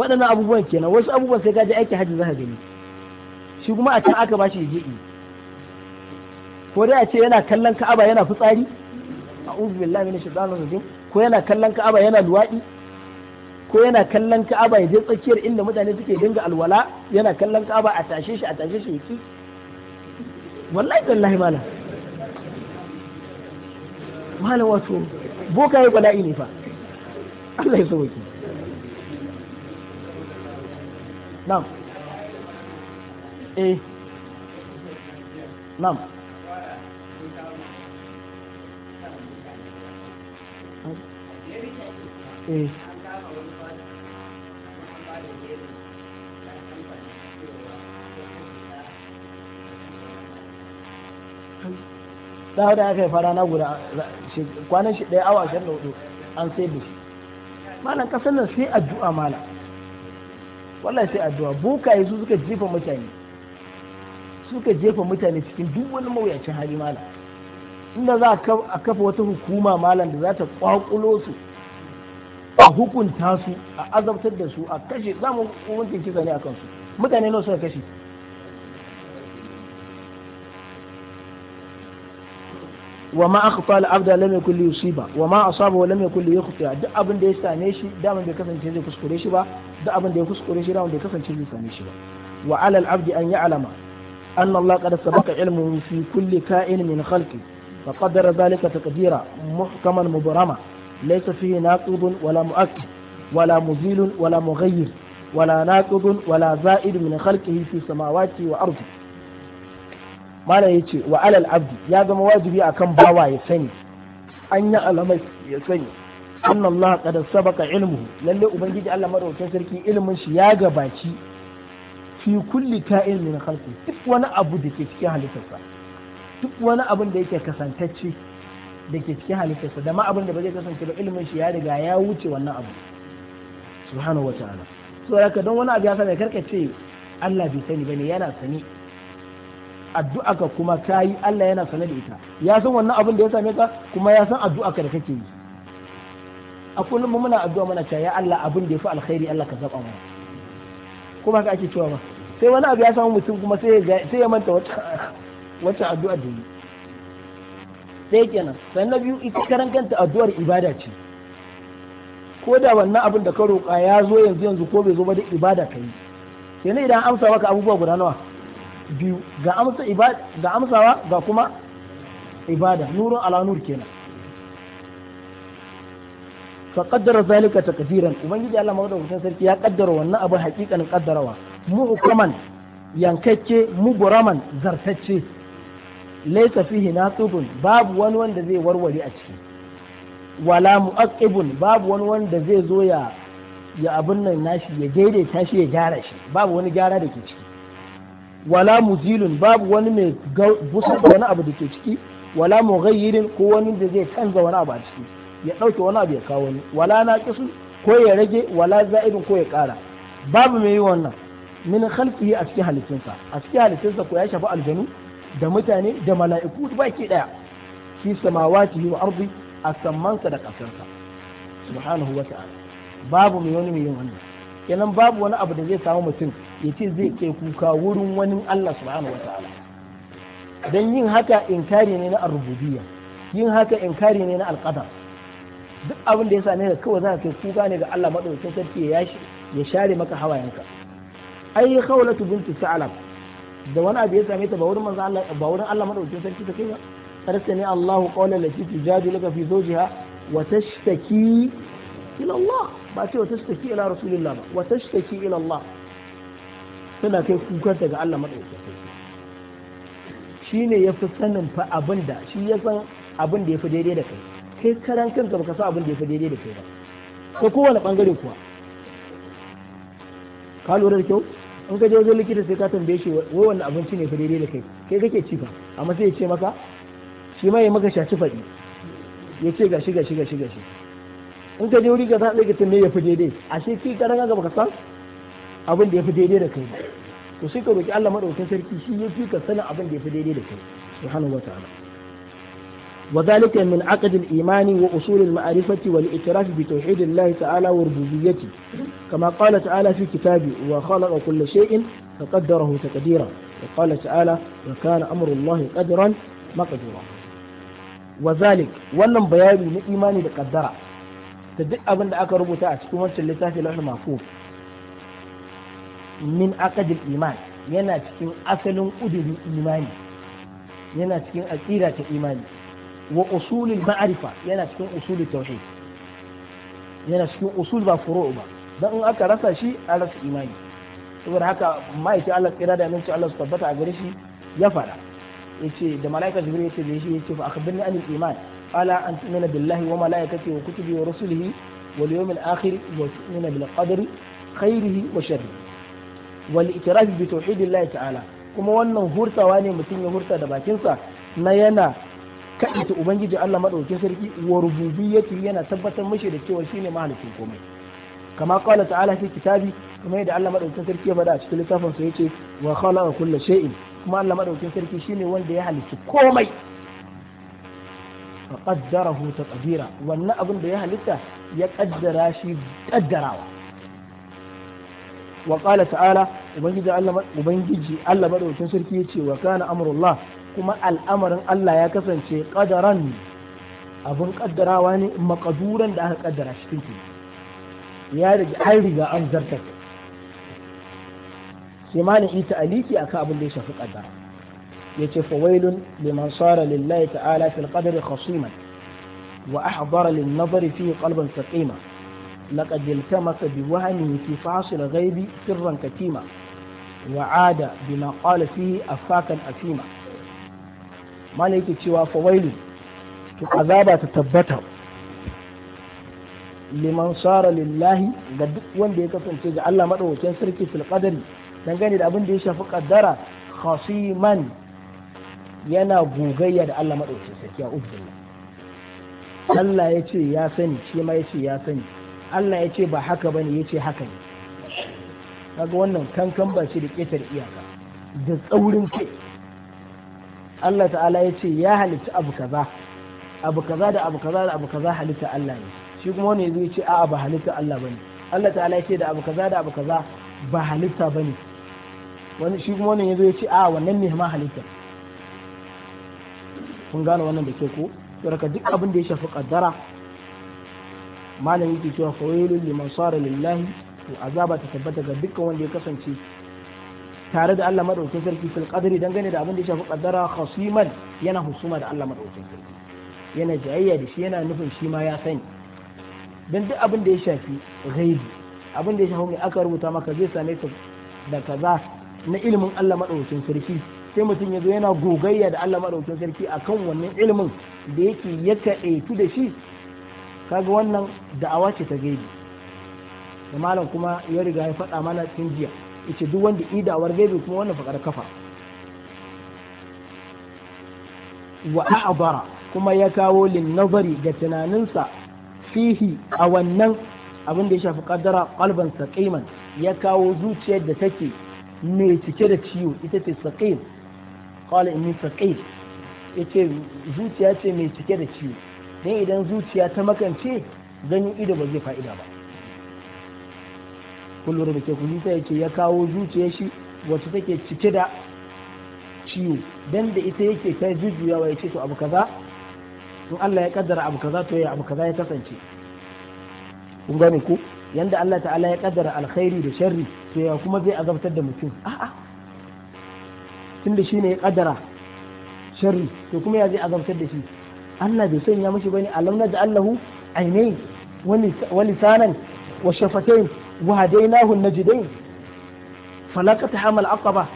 waɗannan abubuwan kenan wasu abubuwan sai kaji aiki hajji za ka gani shi kuma a can aka ba shi ji'i ko dai a ce yana kallon ka'aba yana fitsari a billahi minash shaitanir rajim ko yana kallon ka'aba yana luwaɗi ko yana kallon ka'aba ya je tsakiyar inda mutane suke dinga alwala yana kallon ka'aba a tashe shi a tashe shi yake wallahi wallahi malam malam wato boka ya bala'i ne fa Allah ya sauke na'am eh na'am eh da hauda aka fara na guda kwanan shi ɗaya awa ashirin da hudu an sai da shi malam ƙasar nan sai addu'a malam wallahi sai addu'a yi su suka jefa mutane suka jefa mutane cikin duk wani mawuyacin hali malam inda za a kafa wata hukuma malam da za ta kwakulo su a hukunta su a azabtar da su a kashe za mu hukuncin kisa ne a kansu mutane nawa suka kashe wa ma aka al abda lam yakul li yusiba wa ma asaba lam yakul li yukhfa duk abin da ya same shi daman bai kasance zai kuskure shi ba duk abin da ya kuskure shi daman bai kasance zai same shi ba wa ala abdi an ya'lama anna Allah qad sabaqa ilmuhu fi kulli ka'in min khalqi fa qaddara dhalika taqdira muhkaman mubarama laysa fihi naqid wala mu'akkid wala muzil wala mughayyir wala naqid wala za'id min khalqihi fi samawati wa ardi malam ya ce wa'alal abdi ya zama wajibi akan bawa ya sani an yi alamai ya sani anna Allah kada sabaka ilmu lalle ubangiji Allah madaukakin sarki ilmin shi ya gabaci fi kulli ilmi na kalku duk wani abu da ke cikin halittarsa duk wani abin da yake kasantacce da ke cikin halittarsa da ma abin da ba zai kasance ba ilmin shi ya riga ya wuce wannan abu subhanahu wa ta'ala so haka don wani abu ya sani karka ce Allah bai sani bane yana sani addu'a ka kuma kayi Allah yana sane da ita ya san wannan abin da ya same ka kuma ya san addu'a ka da kake yi a kullum muna addu'a muna cewa ya Allah abin da ya fi alkhairi Allah ka zaba mana kuma ka ake cewa ba sai wani abu ya samu mutum kuma sai ya sai ya manta wata wata addu'a da yi sai kenan sannan na biyu ita karan kanta addu'ar ibada ce ko da wannan abin da ka roƙa ya zo yanzu yanzu ko bai zo ba da ibada ka yi kenan idan amsa maka abubuwa guda nawa biyu ga amsa ibada ga amsawa ga kuma ibada nurun ala nur kenan fa qaddara zalika takdiran ubangiji Allah madaukakin sarki ya kaddara wannan abun hakikanin kaddarawa hukuman yankacce mu muguraman zartacce laysa fihi natubun babu wani wanda zai warware a ciki wala mu'aqibun babu wani wanda zai zo ya ya abin nan nashi ya daidaita shi ya gyara shi babu wani gyara da ke ciki wala muzilun babu wani mai busa da wani abu da ke ciki wala mughayyirin ko wani da zai canza wani abu a ciki ya dauke wani abu ya kawo wani wala naqisun ko ya rage wala za'irin ko ya ƙara babu mai yi wannan min khalqihi a cikin halittunsa a cikin halittunsa ko ya shafi aljanu da mutane da mala'iku baki daya fi samawati wa ardi a sammansa da kasarsa subhanahu wa ta'ala babu mai wani mai yin wannan kenan babu wani abu da zai samu mutum ya ce zai kai kuka wurin wani Allah subhanahu wa ta'ala don yin haka inkari ne na arububiyya yin haka inkari ne na alƙadar duk abin da ya same ka kawai za kai kuka ne ga Allah maɗaukakin sarki ya share maka hawayenka ai khawlatu binti sa'lab da wani abu ya same ta ba wurin manzo Allah ba wurin Allah madaukakin sarki ta kai ba arsani Allahu qawlan lati tujadiluka fi zawjiha wa tashtaki ila Allah ba ce wa tashtaki ila rasulillah ba wa tashtaki ila Allah suna kai kukar daga Allah maɗaukakin shi ne ya fi sanin fa abin da shi ya san abin da ya fi daidai da kai kai karan kanka baka san abin da ya fi daidai da kai ba ta kowane bangare kuwa ka lura da kyau in ka je wajen likita sai ka tambaye shi wai wannan abinci ne fi daidai da kai kai kake ci fa amma sai ya ce maka shi ma ya maka shaci faɗi ya ce gashi gashi gashi gashi in ka je wuri ka zaɓe ɗaya ka tambaye ya fi daidai ashe kai karan kanka baka san abin da ya fi daidai da kai to sai ka roki Allah madaukakin sarki shi ya fi ka sanin abin da ya fi daidai da kai subhanahu wa wa zalika min aqd al-imani wa usul al-ma'rifati wal i'tiraf bi tauhid Allah ta'ala wa rububiyyati kama qala ta'ala fi kitabi wa khalaqa kull shay'in faqaddarahu taqdira wa qala ta'ala wa kana amru Allah qadran maqdura wa zalik wannan bayani na imani da ƙaddara da duk abin da aka rubuta a cikin wancan littafin lahul mahfuz min aqdil iman yana cikin asalin ƙudurin imani yana cikin aqida ta imani wa usulul ma'rifa yana cikin usulul tauhid yana cikin usul ba furu ba dan in aka rasa shi a rasa imani saboda haka ma'aikin Allah tsira da aminci Allah su tabbata a gare shi ya fara yace da malaika jibril yace da shi yace fa akhbirni anil iman ala an tu'mina billahi wa malaikatihi wa kutubihi wa rusulihi wal yawmil akhir wa tu'mina bil qadri khairihi wa sharrihi wal ikrafi bi tauhidillahi ta'ala kuma wannan hurtawa ne mutum ya hurta da bakinsa na yana kaɗaita ubangiji Allah madaukakin sarki wa rububiyyati yana tabbatar mishi da cewa shine mahalicin komai kama qala ta'ala fi kitabi kuma yadda Allah madaukakin sarki ya faɗa a cikin littafin sa ce, wa khalaqa kulle shay'in kuma Allah madaukakin sarki shine wanda ya halicci komai fa qaddarahu taqdira wannan abin da ya halitta ya kaddara shi kaddarawa Waƙala ta'ala ubangiji Allah ubangiji Allah madaukakin sarki yace wa kana amrullah kuma al'amarin Allah ya kasance qadaran abun kaddarawa ne makaduran da aka kaddara shi kinki ya riga an riga an zartar sai ma ni ita aliki akan abin da ya shafi kaddara yace fa wailun liman sara lillahi ta'ala fil qadari khasiman wa ahdara lin nazari fi qalban saqima لقد التمس بوهمه في فاصل الغيب سرا كتيما وعاد بما قال فيه أفاكا أثيما ما ليك تشوى فويل تقذابا تتبتا liman صار lillahi ga duk wanda ya kasance الله Allah madaukakin sarki القدر qadari dangane da abin da ya shafi ƙaddara yana gogayya da Allah madaukakin sarki a ubudin Allah ya ce ya sani shi ma ya ce ya sani Allah ya ce ba haka bane ya ce haka ne kaga wannan kankan ba shi da ƙetar iyaka da tsaurin kai Allah ta'ala ya ce ya halitta abu kaza abu kaza da abu kaza da abu kaza halitta Allah ne shi kuma wani zai ce a'a ba halitta Allah bane Allah ta'ala ya ce da abu kaza da abu kaza ba halitta bane wani shi kuma wani zai ce a'a wannan ne ma halitta kun gane wannan da ke ko ka duk abin da ya shafi kaddara malam yake cewa fawailul liman sara lillahi to azaba ta tabbata ga dukkan wanda ya kasance tare da Allah madaukakin sarki fil qadri dangane da abin da ya shafi qaddara khasiman yana husuma da Allah madaukakin sarki yana jayayya da shi yana nufin shi ma ya sani dan duk abin da ya shafi ghaibi abin da ya shafi mai aka rubuta maka zai same ka da kaza na ilimin Allah madaukakin sarki sai mutum ya zo yana gogayya da Allah madaukakin sarki akan wannan ilimin da yake ya kaɗaitu da shi kaga wannan da'awa ce ta gaibi da malam kuma ya riga ya faɗa mana cikin jiya yace duk wanda idawar gaibi kuma wannan faɗar kafa wa a'bara kuma ya kawo lin nazari ga tunaninsa fihi a wannan abin da ya shafi kaddara kalban saqiman ya kawo zuciyar da take mai cike da ciwo ita ce saqim qala inni saqim yace zuciya ce mai cike da ciwo sai idan zuciya ta makance ganin ido ba zai fa'ida ba kullum da ke kuli sai yake ya kawo zuciya shi wacce take cike da ciwo dan da ita yake ta jujjuyawa ya ce to abu kaza in Allah ya kaddara abu kaza to ya abu kaza ya kasance kun gane ku yanda Allah ta'ala ya kaddara alkhairi da sharri to ya kuma zai azabtar da mutum a'a tunda shine ya kaddara sharri to kuma ya zai azabtar da shi Allah bai sanya mashi bane alam da Allahu ainai wa lisanan wa shafatain wa hadainahu falaka ta hamal aqaba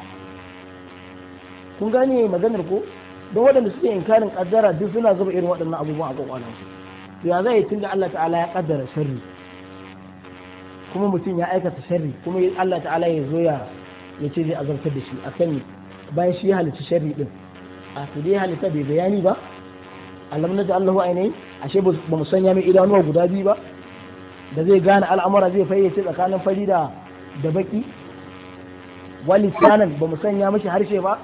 kun gane maganar ko don waɗanda suke inkarin kaddara duk suna zuba irin waɗannan abubuwan a kwakwalan su ya zai tunda Allah ta'ala ya kaddara sharri kuma mutum ya aikata sharri kuma Allah ta'ala ya zo ya ya ce zai azabtar da shi akan bayan shi ya halitta sharri din a to dai halitta bai bayani ba alam na Allahu ainihi ashe ba mu sanya mai idanuwa guda biyu ba da zai gane al'amura zai fayyace tsakanin fari da da baki wali sanan ba mu sanya mishi harshe ba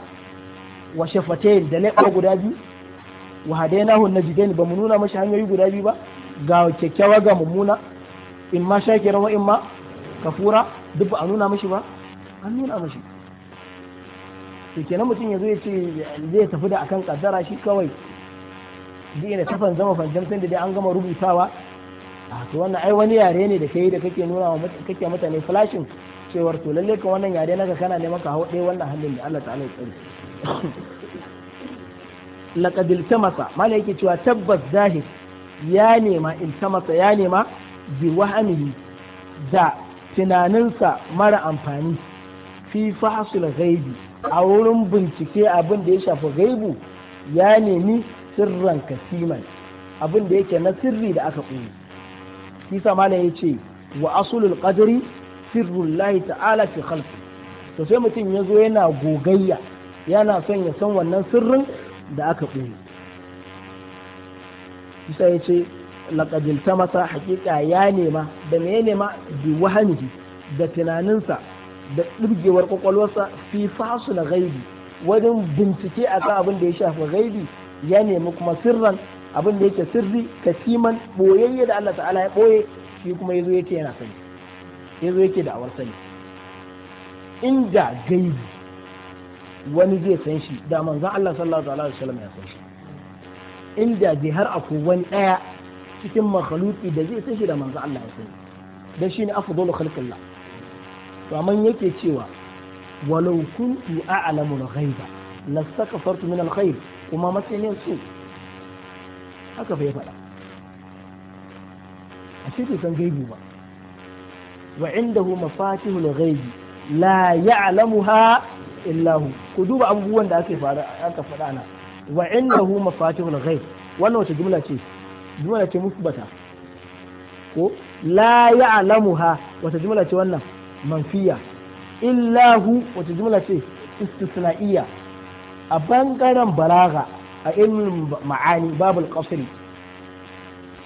wa shafatain da leɓa guda biyu wa hadainahu najidain ba mu nuna mishi hanyoyi guda biyu ba ga kyakkyawa ga mummuna in ma shakira wa in ma kafura duk ba a nuna mishi ba an nuna mishi kenan mutum ya ya ce zai tafi da akan kaddara shi kawai duk ina tafan zama sai da dai an gama rubutawa a to wannan ai wani yare ne da kai da kake nuna wa kake mutane flashing cewar to lalle ka wannan yare naka kana neman ka haɗe wannan halin da Allah ta'ala ya tsare laqad iltamasa mala yake cewa tabbas zahir ya nema iltamasa ya nema bi wahamihi da tunaninsa mara amfani fi fahsul ghaibi a wurin bincike abin da ya shafi gaibu ya nemi sirran kasiman abin da yake na sirri da aka ƙuni shi sama ne ya ce wa asulul qadri sirrul lahi ta'ala fi khalqi to sai mutum ya zo yana gogayya yana son ya san wannan sirrin da aka shi isa ya ce laƙadil ta masa hakika ya nema da me ya nema bi wahanihi da tunaninsa da ɗirgewar ƙwaƙwalwarsa fi fasu na gaibi wajen bincike a kan abin da ya shafi gaibi ya nemi kuma sirran abin da yake sirri kasiman boyayye da Allah ta'ala ya boye shi kuma ya yake yana sani yazo yake da awar sani inda gaibi wani zai san shi da manzon Allah sallallahu alaihi wasallam ya san shi inda bai har akwai wani daya cikin makhluki da zai san shi da manzon Allah ya san shi ne shine afdalu khalqillah to amma yake cewa walau kuntu a'lamu al-ghaiba lastakfartu min al-khair kuma matsayin su haka bai faɗa a shi san gaibi ba wa indahu mafatihul ghaibi la ya'lamuha illa hu ku duba abubuwan da ake fara aka faɗa na wa indahu mafatihul ghaib wannan wace jumla ce jumla ce musbata ko la ya'lamuha wata jumla ce wannan manfiya illa hu wata jumla ce istisna'iyya a bangaren balaga a ilmin ma'ani babu alƙasiri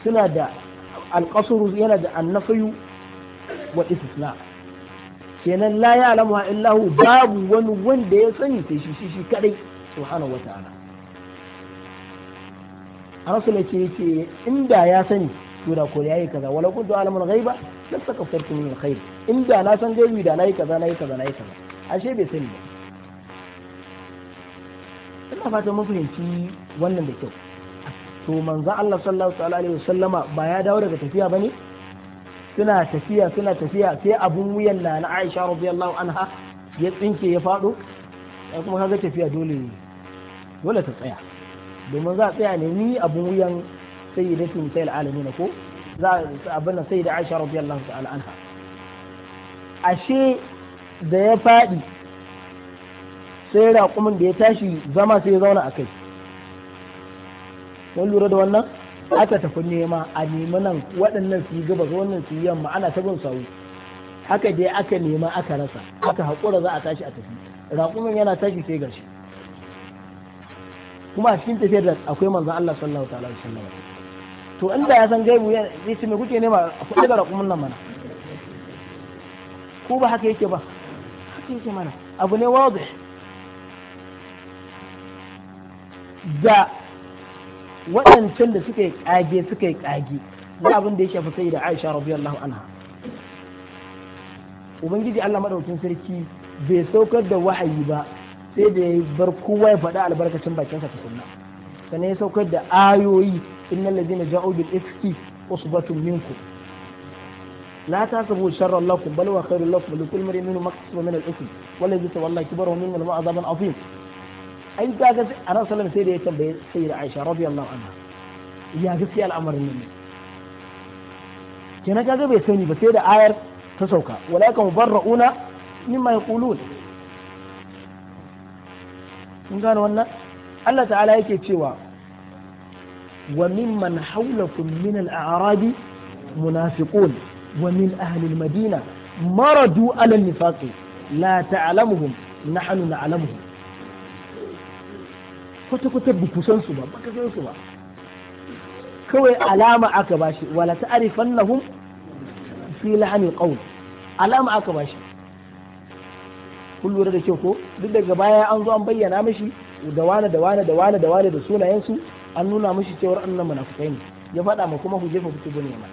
suna da alƙasuru yana da annafayu wa istisna kenan la ya alamu illahu babu wani wanda ya sani ta shi shi kadai subhanahu ta'ala rasul yake yake inda ya sani to da ko yayi kaza wala kuntu alamul ghaiba lastakaftartu min alkhair inda na san gaibi da nayi kaza nayi kaza nayi kaza ashe bai sani ba ina fata mun fahimci wannan da kyau to manzon Allah sallallahu alaihi wasallama ba ya dawo daga tafiya bane suna tafiya suna tafiya sai abun wuyan na na Aisha radiyallahu anha ya tsinke ya fado kuma kaga tafiya dole ne dole ta tsaya domin za a tsaya ne ni abun wuyan sayyidatu misal alamin ko za a abin nan sayyida Aisha radiyallahu ta'ala anha ashe da ya fadi sai raƙumin da ya tashi zama sai ya zauna a kai mun lura da wannan aka tafi nema a nemi nan waɗannan su yi gaba wannan su yi yamma ana ta bin sawu haka dai aka nema aka rasa aka haƙura za a tashi a tafi raƙumin yana tashi sai gashi kuma a cikin tafiyar da akwai manzon Allah sallallahu ta'ala alaihi wasallam to inda ya san gaibu ya ce me kuke nema a kuɗi da raƙumin nan mana ko ba haka yake ba haka yake mana abu ne wazi da waɗancan da suka yi ƙage suka yi ƙage na abin da ya shafi sai da aisha radiyallahu anha ubangiji allah maɗaukin sarki bai saukar da wahayi ba sai da ya bar kowa ya faɗa albarkacin bakinsa tukunna sannan ya saukar da ayoyi innal ladina ja'u bil ifki usbatun minkum لا تحسبوا شرا لكم بل هو خير لكم لكل امرئ منهم ما اكتسب من الاثم والذي تولى كبره منهم عذابا عظيم أي قاعدة أنا صلى الله عليه وسلم سيدة عائشة رضي الله عنها يا قلت الأمر مني كنا قاعدة سيدة بسيدة آير تسوكا ولكن مبرؤون مما يقولون من قال وانا الله تعالى يكي تشوى وممن حولكم من الأعراب منافقون ومن أهل المدينة مردوا على النفاق لا تعلمهم نحن نعلمهم kwata-kwata bu kusan su ba baka su ba kawai alama aka ba shi wala ta'rifannahum fi lahanil qawl alama aka ba kun lura da kyau ko duk daga baya an zo an bayyana mishi da wane da wane da wane da wane da sunayensu an nuna mishi cewar annan munafukai ne ya faɗa ma kuma hujjefa fa gani ya ma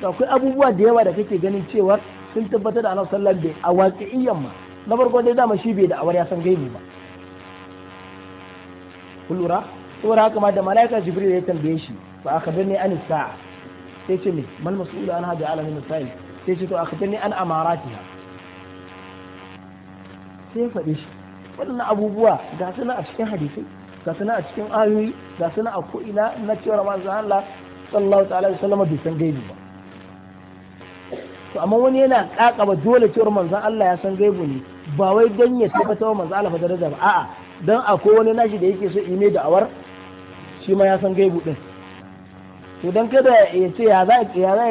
to akwai abubuwa da yawa da kake ganin cewar sun tabbatar da annabi sallallahu alaihi wasallam bai a waqi'iyyan ma na farko dai dama shi bai da awar ya san gaibi ba kun lura saboda haka ma da malaika jibril ya tambaye shi fa akhbirni an sa'a sai ce me mal mas'ulu an hada ala min sa'i sai ce to akhbirni an amaratiha sai faɗe shi waɗannan abubuwa ga su a cikin hadisai ga su a cikin ayoyi ga su a ko'ina na cewar manzo Allah sallallahu ta'ala alaihi wasallam bai san gaibi ba to amma wani yana kakaba dole cewar manzon Allah ya san gaibu ne ba wai ganye ya tabbata wa manzon Allah ba daraja ba a'a don akwai wani nashi da yake so ime da awar shi ma ya san gaibu din to don kada ya ce ya za ya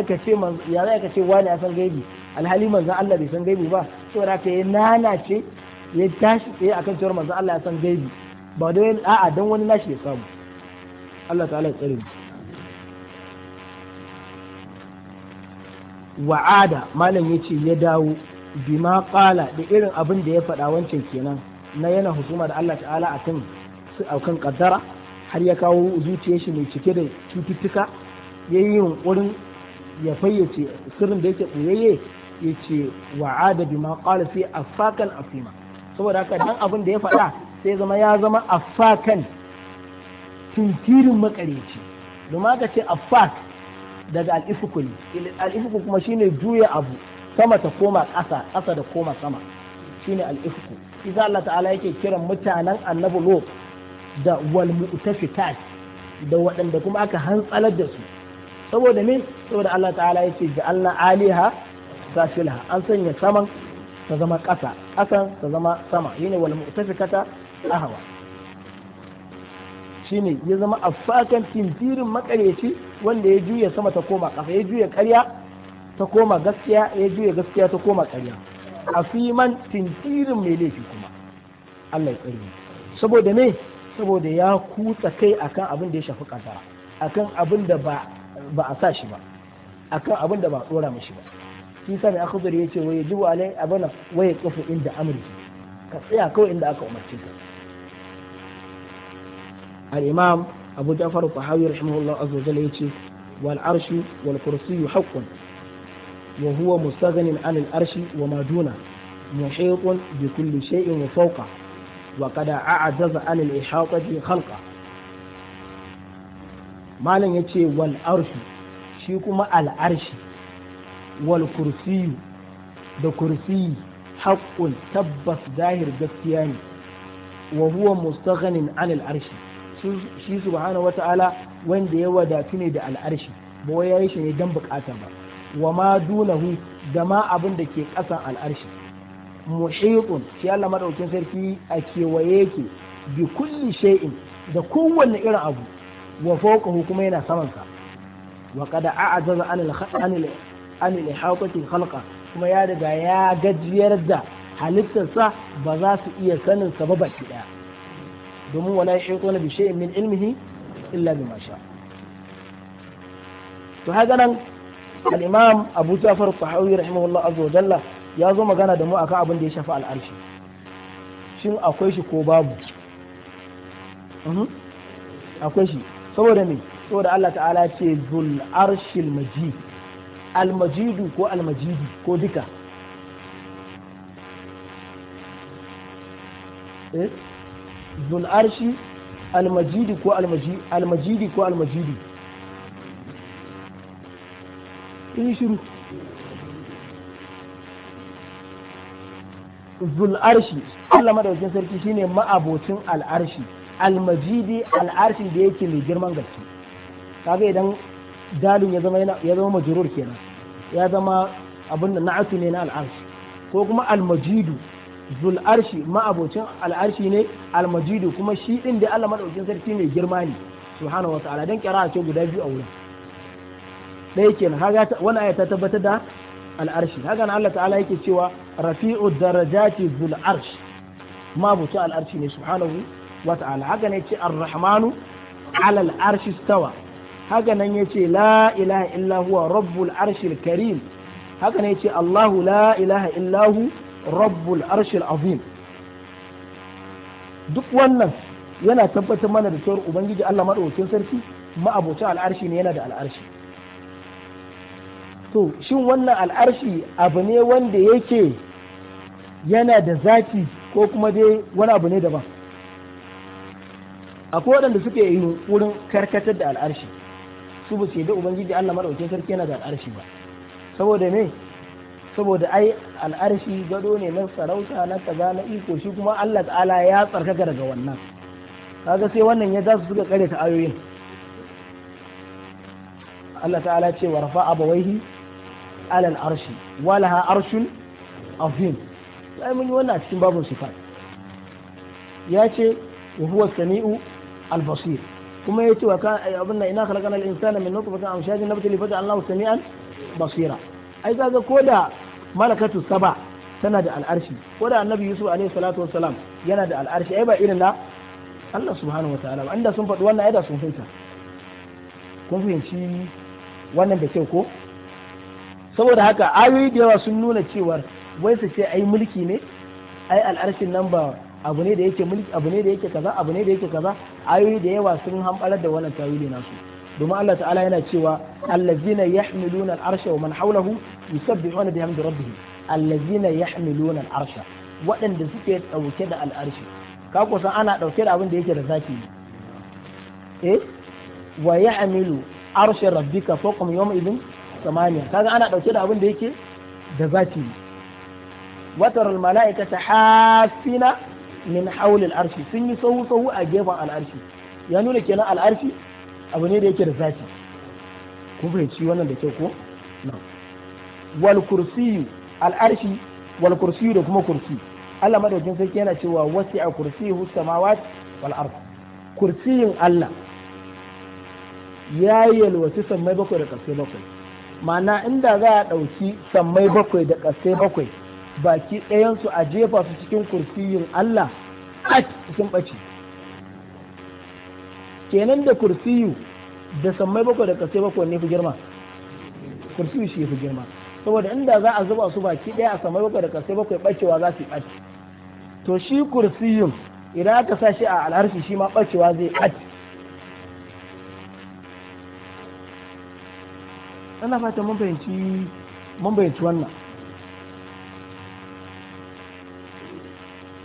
ka ce ya za ka ce wani ya san gaibi alhali manzan Allah bai san gaibi ba da ka yi nana ce ya tashi tsaye akan cewar manzan Allah ya san gaibi ba don a'a don wani nashi ya samu Allah ta'ala ya tsare wa'ada malam ya ce ya dawo bima kala da irin abin da ya faɗa wancan kenan na yana husuma da Allah ta'ala a kan aukan kaddara har ya kawo zuciyar shi mai cike da cututtuka ya yi yunkurin ya fayyace sirrin da yake ɓoyayye ya ce wa'ada sai qala fi afakan afima saboda haka dan abin da ya faɗa sai zama ya zama afakan tuntirin makareci domin aka ce afak daga al'ifukuli al'ifuku kuma shine juya abu sama ta koma ƙasa ƙasa da koma sama shine al'ifuku isa Allah ta'ala yake kiran mutanen annabi lot da wal mu'tafitat da waɗanda kuma aka hantsalar da su saboda me saboda Allah ta'ala yake ga Allah aliha safilha an sanya saman ta zama ƙasa ƙasan ta zama sama shine wal mu'tafikata ahwa shine ya zama afakan tintirin makareci wanda ya juya sama ta koma ƙasa ya juya ƙarya ta koma gaskiya ya juya gaskiya ta koma ƙarya A fiman tintirin mai laifi kuma Allah ya tsari saboda me saboda ya kutsa kai akan abin da ya shafi kaddara akan abin da ba ba a sa shi ba akan abin da ba a tsora mishi ba shi sani akhudari yace wa jibu alai abana waye yaqifu inda amri ka tsaya kawai inda aka umarci ka al-imam abu ja'far tahawi rahimahullah azza wa jalla yace wal arshu wal kursiyyu haqqun وهو مستغن عن الأرش وما دونه محيط بكل شيء وفوقه وقد أعجز عن الإحاطة خلقه malam ya ce wal arshi shi kuma al'arshi wal da kursiyi haƙƙun tabbas zahir gaskiya ne wa huwa mustaghanin al'arshi shi subhanahu wata'ala wanda ya wadatu ne da al'arshi ba wai yayi shi ne dan bukata ba wa ma dunahu da ma abin da ke ƙasan al'arshi muhitun shi Allah madaukin sarki a kewaye yake bi kulli shay'in da kowanne irin abu wa fawqahu kuma yana saman sa wa qad a'jaza an al an al khalqa kuma ya daga ya gajiyar da halittarsa ba za su iya sanin sa ba baki daya domin wala yahituna bi shay'in min ilmihi illa bima sha to haka nan Al'imam imam abu jafar sahawi rahimahullah azza wa jalla ya zo magana da mu akan abin da ya shafi al'arshi shin akwai shi ko babu mhm. akwai shi saboda mai saboda Allah ta'ala ce zul arshil majid almajidu ko almajidi ko duka eh? zul arshi almajidi ko almajidi ko almajidi in shiru Zul'arshi, arshi Allah madaukakin sarki shine ma'abocin al'arshi almajidi al'arshi da yake mai girman gaske kaga idan dalin ya zama ya zama majrur kenan ya zama abin da na'atu ne na al'arshi ko kuma almajidu zul arshi ma'abocin al'arshi ne almajidu kuma shi din da Allah madaukakin sarki mai girma ne subhanahu wa ta'ala dan kira ce guda biyu a wurin ɗaya kenan haga wani aya ta tabbatar da al'arshi haga Allah ta'ala yake cewa rafi'u darajati zul arsh ma buta al'arshi ne subhanahu wa ta'ala haga ne ce ar-rahmanu ala al'arshi stawa haga nan yace la ilaha illa huwa rabbul arshil karim haka ne yace Allahu la ilaha illa hu rabbul arshil azim duk wannan yana tabbatar mana da cewar ubangiji Allah madaukakin sarki ma abota al'arshi ne yana da al'arshi So, shin wannan al'arshi abu ne wanda yake yana da zaki ko kuma dai wani abu ne daban akwai waɗanda suke yi wurin karkatar da al'arshi su ba su yi da ubangiji Allah maɗaukin sarki yana da al'arshi ba saboda me saboda ai al'arshi gado ne na sarauta na kaza na iko shi kuma Allah ta'ala ya tsarkaka daga wannan kaga sai wannan ya za su suka kare ta ayoyin Allah ta'ala ce wa rafa abawaihi على العرش ولها عرش عظيم sai mun yi wannan a cikin babin sifat ya ce wa huwa sami'u al-basir kuma ya ce wa kan abin na ina khalaqana al-insana min nutfatin amshajin nabtali fa ja'alnahu sami'an basira ai kaga koda malakatu saba tana da al'arshi ko da annabi yusuf alaihi salatu wassalam yana da al'arshi ai ba irin na Allah subhanahu wa ba inda sun faɗi wannan ai da sun fahimta kun fahimci wannan da kyau ko saboda haka ayoyi da yawa sun nuna cewar wai su ce ai mulki ne ai al'arshin nan ba abu ne da yake mulki abu ne da yake kaza abu ne da yake kaza ayoyi da yawa sun hambarar da wannan tawili nasu domin Allah ta'ala yana cewa allazina yahmiluna al'arsha wa man hawlahu yusabbihuna bihamdi rabbihim allazina yahmiluna al'arsha waɗanda suke dauke da al'arshi ka kusan ana dauke da abin da yake da zaki eh wa ya'milu arsha rabbika fawqa yawmi idin samaniya kaga ana ɗauke da abin da yake da zati watar mala'ika ta hafina min haulil arshi sun yi sahu sahu a gefen al'arshi ya nuna kenan al'arshi abu ne da yake da zati kun fahimci wannan da kyau ko wal kursiyu al'arshi wal kursiyu da kuma kursi Allah madaukin sarki yana cewa wasi a kursiyu samawat wal ard kursiyin Allah ya yi yalwaci sammai bakwai da ƙarfi bakwai ma'ana inda za a ɗauki sammai bakwai da ƙasai bakwai baki ɗayansu a jefa su cikin kursiyin Allah a sun ɓace kenan da kursiyu da sammai bakwai da ƙasai bakwai ne fi girma kursiyu shi fi girma saboda inda za a zuba su baki ɗaya a sammai bakwai da ƙasai bakwai ɓacewa za su ɓace to shi kursiyun idan aka sa shi a alharshi shi ma ɓacewa zai ɓace ana fata mun fahimci wannan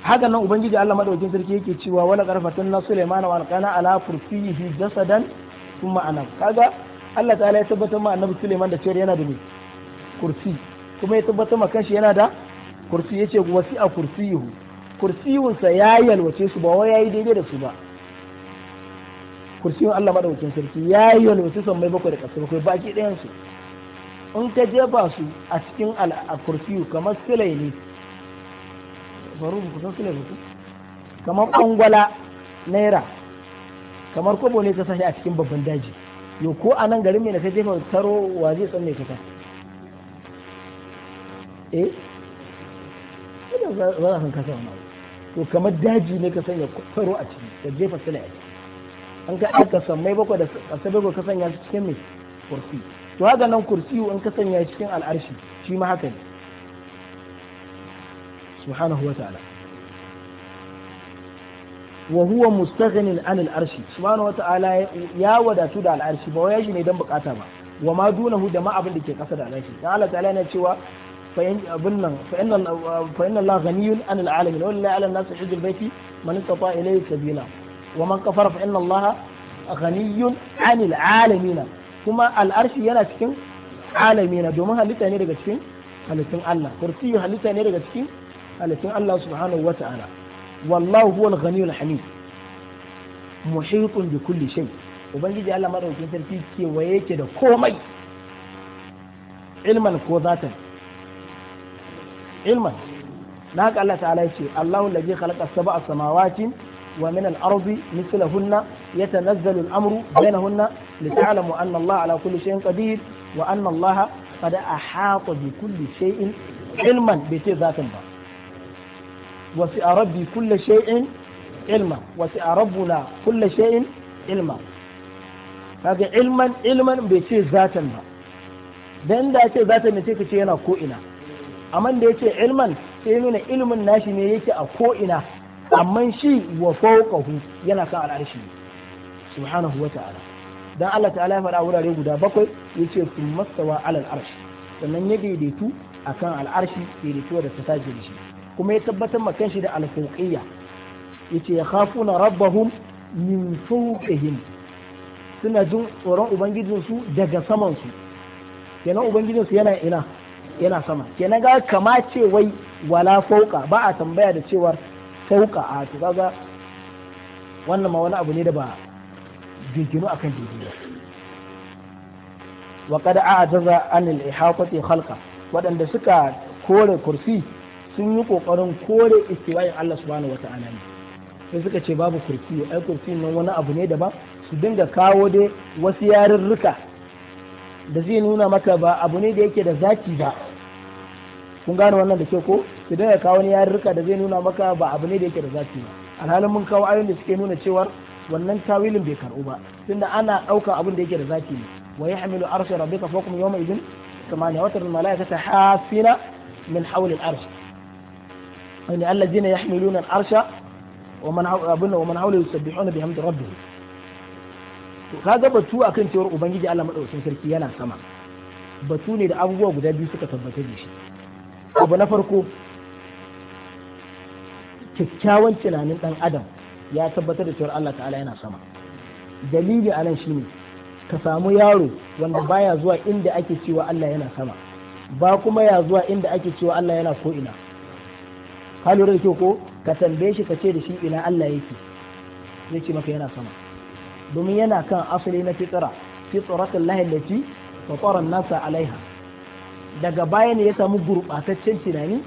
haka nan ubangiji Allah maɗaukin sarki yake cewa wani qarfatun na Sulaiman wa alƙana ala furfihi jasadan sun ma'ana kaga Allah ta'ala ya tabbatar ma annabi Sulaiman da cewar yana da me kursi kuma ya tabbatar ma kanshi yana da kursi ya ce yace wasi'a kursiyuhu kursiyunsa ya yalwace su ba wai yi daidai da su ba kursiyon Allah madaukakin sarki ya yi wani wasu son mai bakwai da kasar bakwai baki ɗayan su in ka jefa su a cikin kursiyu kamar silai ne faru ku san silai ku kamar angwala naira kamar kobo ne ka sashi a cikin babban daji yo ko a nan garin mai na ka jefa taro wa zai tsanne ka eh ba za ka kasa wani to kamar daji ne ka sanya taro a ciki ka jefa silai a an ka aka sammai bakwa da kasai bakwai ka sanya shi cikin mai kursi to haka nan kursi in ka sanya cikin al'arshi shi ma haka ne subhanahu wa ta'ala wa huwa mustaghnin an al'arshi subhanahu wa ta'ala ya wadatu da al'arshi ba wai shi ne dan bukata ba wa ma dunahu da ma abin da ke kasa da al'arshi dan Allah ta'ala yana cewa abin nan fa inna Allah ghaniyun an al'alamin wallahi ala nas hijjul baiti man istata ilayhi sabila wa man kafara fa inna Allah ghaniyun 'anil 'alamin kuma al'arshi yana cikin alamina domin halitta ne daga cikin halittun Allah kursiyu halitta ne daga cikin halittun Allah subhanahu wa ta'ala wallahu huwal ghaniyul hamid muhitun bi kulli shay ubangiji Allah madaukakin sarki kewaye yake da komai ilman ko zatan ilman na haka Allah ta'ala ya ce Allahu ladhi khalaqa sab'a samawati ومن الأرض مثلهن يتنزل الأمر بينهن لتعلموا أن الله على كل شيء قدير وأن الله قد أحاط بكل شيء علما بشيء ذات الله وسع ربي كل شيء علما وسع ربنا كل شيء علما هذا علما علما بشيء ذات الله dan da ce zata ne sai ka ce yana ko ina amma da yake ilman sai nuna ilmin nashi ne yake a ko ina amma shi wa fawqahu yana kan al'arshi subhanahu wa ta'ala dan Allah ta'ala ya faɗa wurare guda bakwai yace thumma stawa 'ala al'arshi sannan ya daidaitu akan al'arshi daidaituwa da ta tashi da shi kuma ya tabbatar ma shi da al-fawqiyya yace yakhafuna rabbahum min fawqihim suna jin tsoron su daga samansu kenan su yana ina yana sama kenan ga kama ce wai wala fauka ba a tambaya da cewar sauka a to kaga wannan ma wani abu ne da ba jinkinu akan jinkinu ba wa a a'jaza an al-ihaqati khalqa wadanda suka kore kursi sun yi kokarin kore istiwayin Allah subhanahu wata'ala ne sai suka ce babu kursi ai kursi nan wani abu ne daban su dinga kawo dai wasu yarurruka da zai nuna maka ba abu ne da yake da zaki ba kun gane wannan da ke ko idan ya kawo wani yarurruka da zai nuna maka ba abu ne da yake da zafi ba alhalin mun kawo ayoyin da suke nuna cewa wannan tawilin bai karɓu ba tunda ana ɗaukar abin da yake da zafi ne wa yahmilu arsha rabbika fawqum yawma idin samaniya watar mala'ika ta hafina min hawli al-arsh yani allazina yahmiluna al-arsha wa man abunna wa man hawlahu yusabbihuna bihamdi rabbihim to kaga batu akan cewa ubangiji Allah madaukakin sarki yana sama batu ne da abubuwa guda biyu suka tabbata da shi abu na farko kyakkyawan tunanin ɗan adam ya tabbatar da cewar Allah ta'ala yana sama dalili anan shine ka samu yaro wanda baya zuwa inda ake cewa Allah yana sama ba kuma ya zuwa inda ake cewa Allah yana ko'ina. ina ka lura da ko ka tambaye shi ka ce da shi ina Allah yake zai ce maka yana sama domin yana kan asali na fitra fitratul lahi allati fatara an-nasa alaiha daga baya ne ya samu gurɓataccen tunani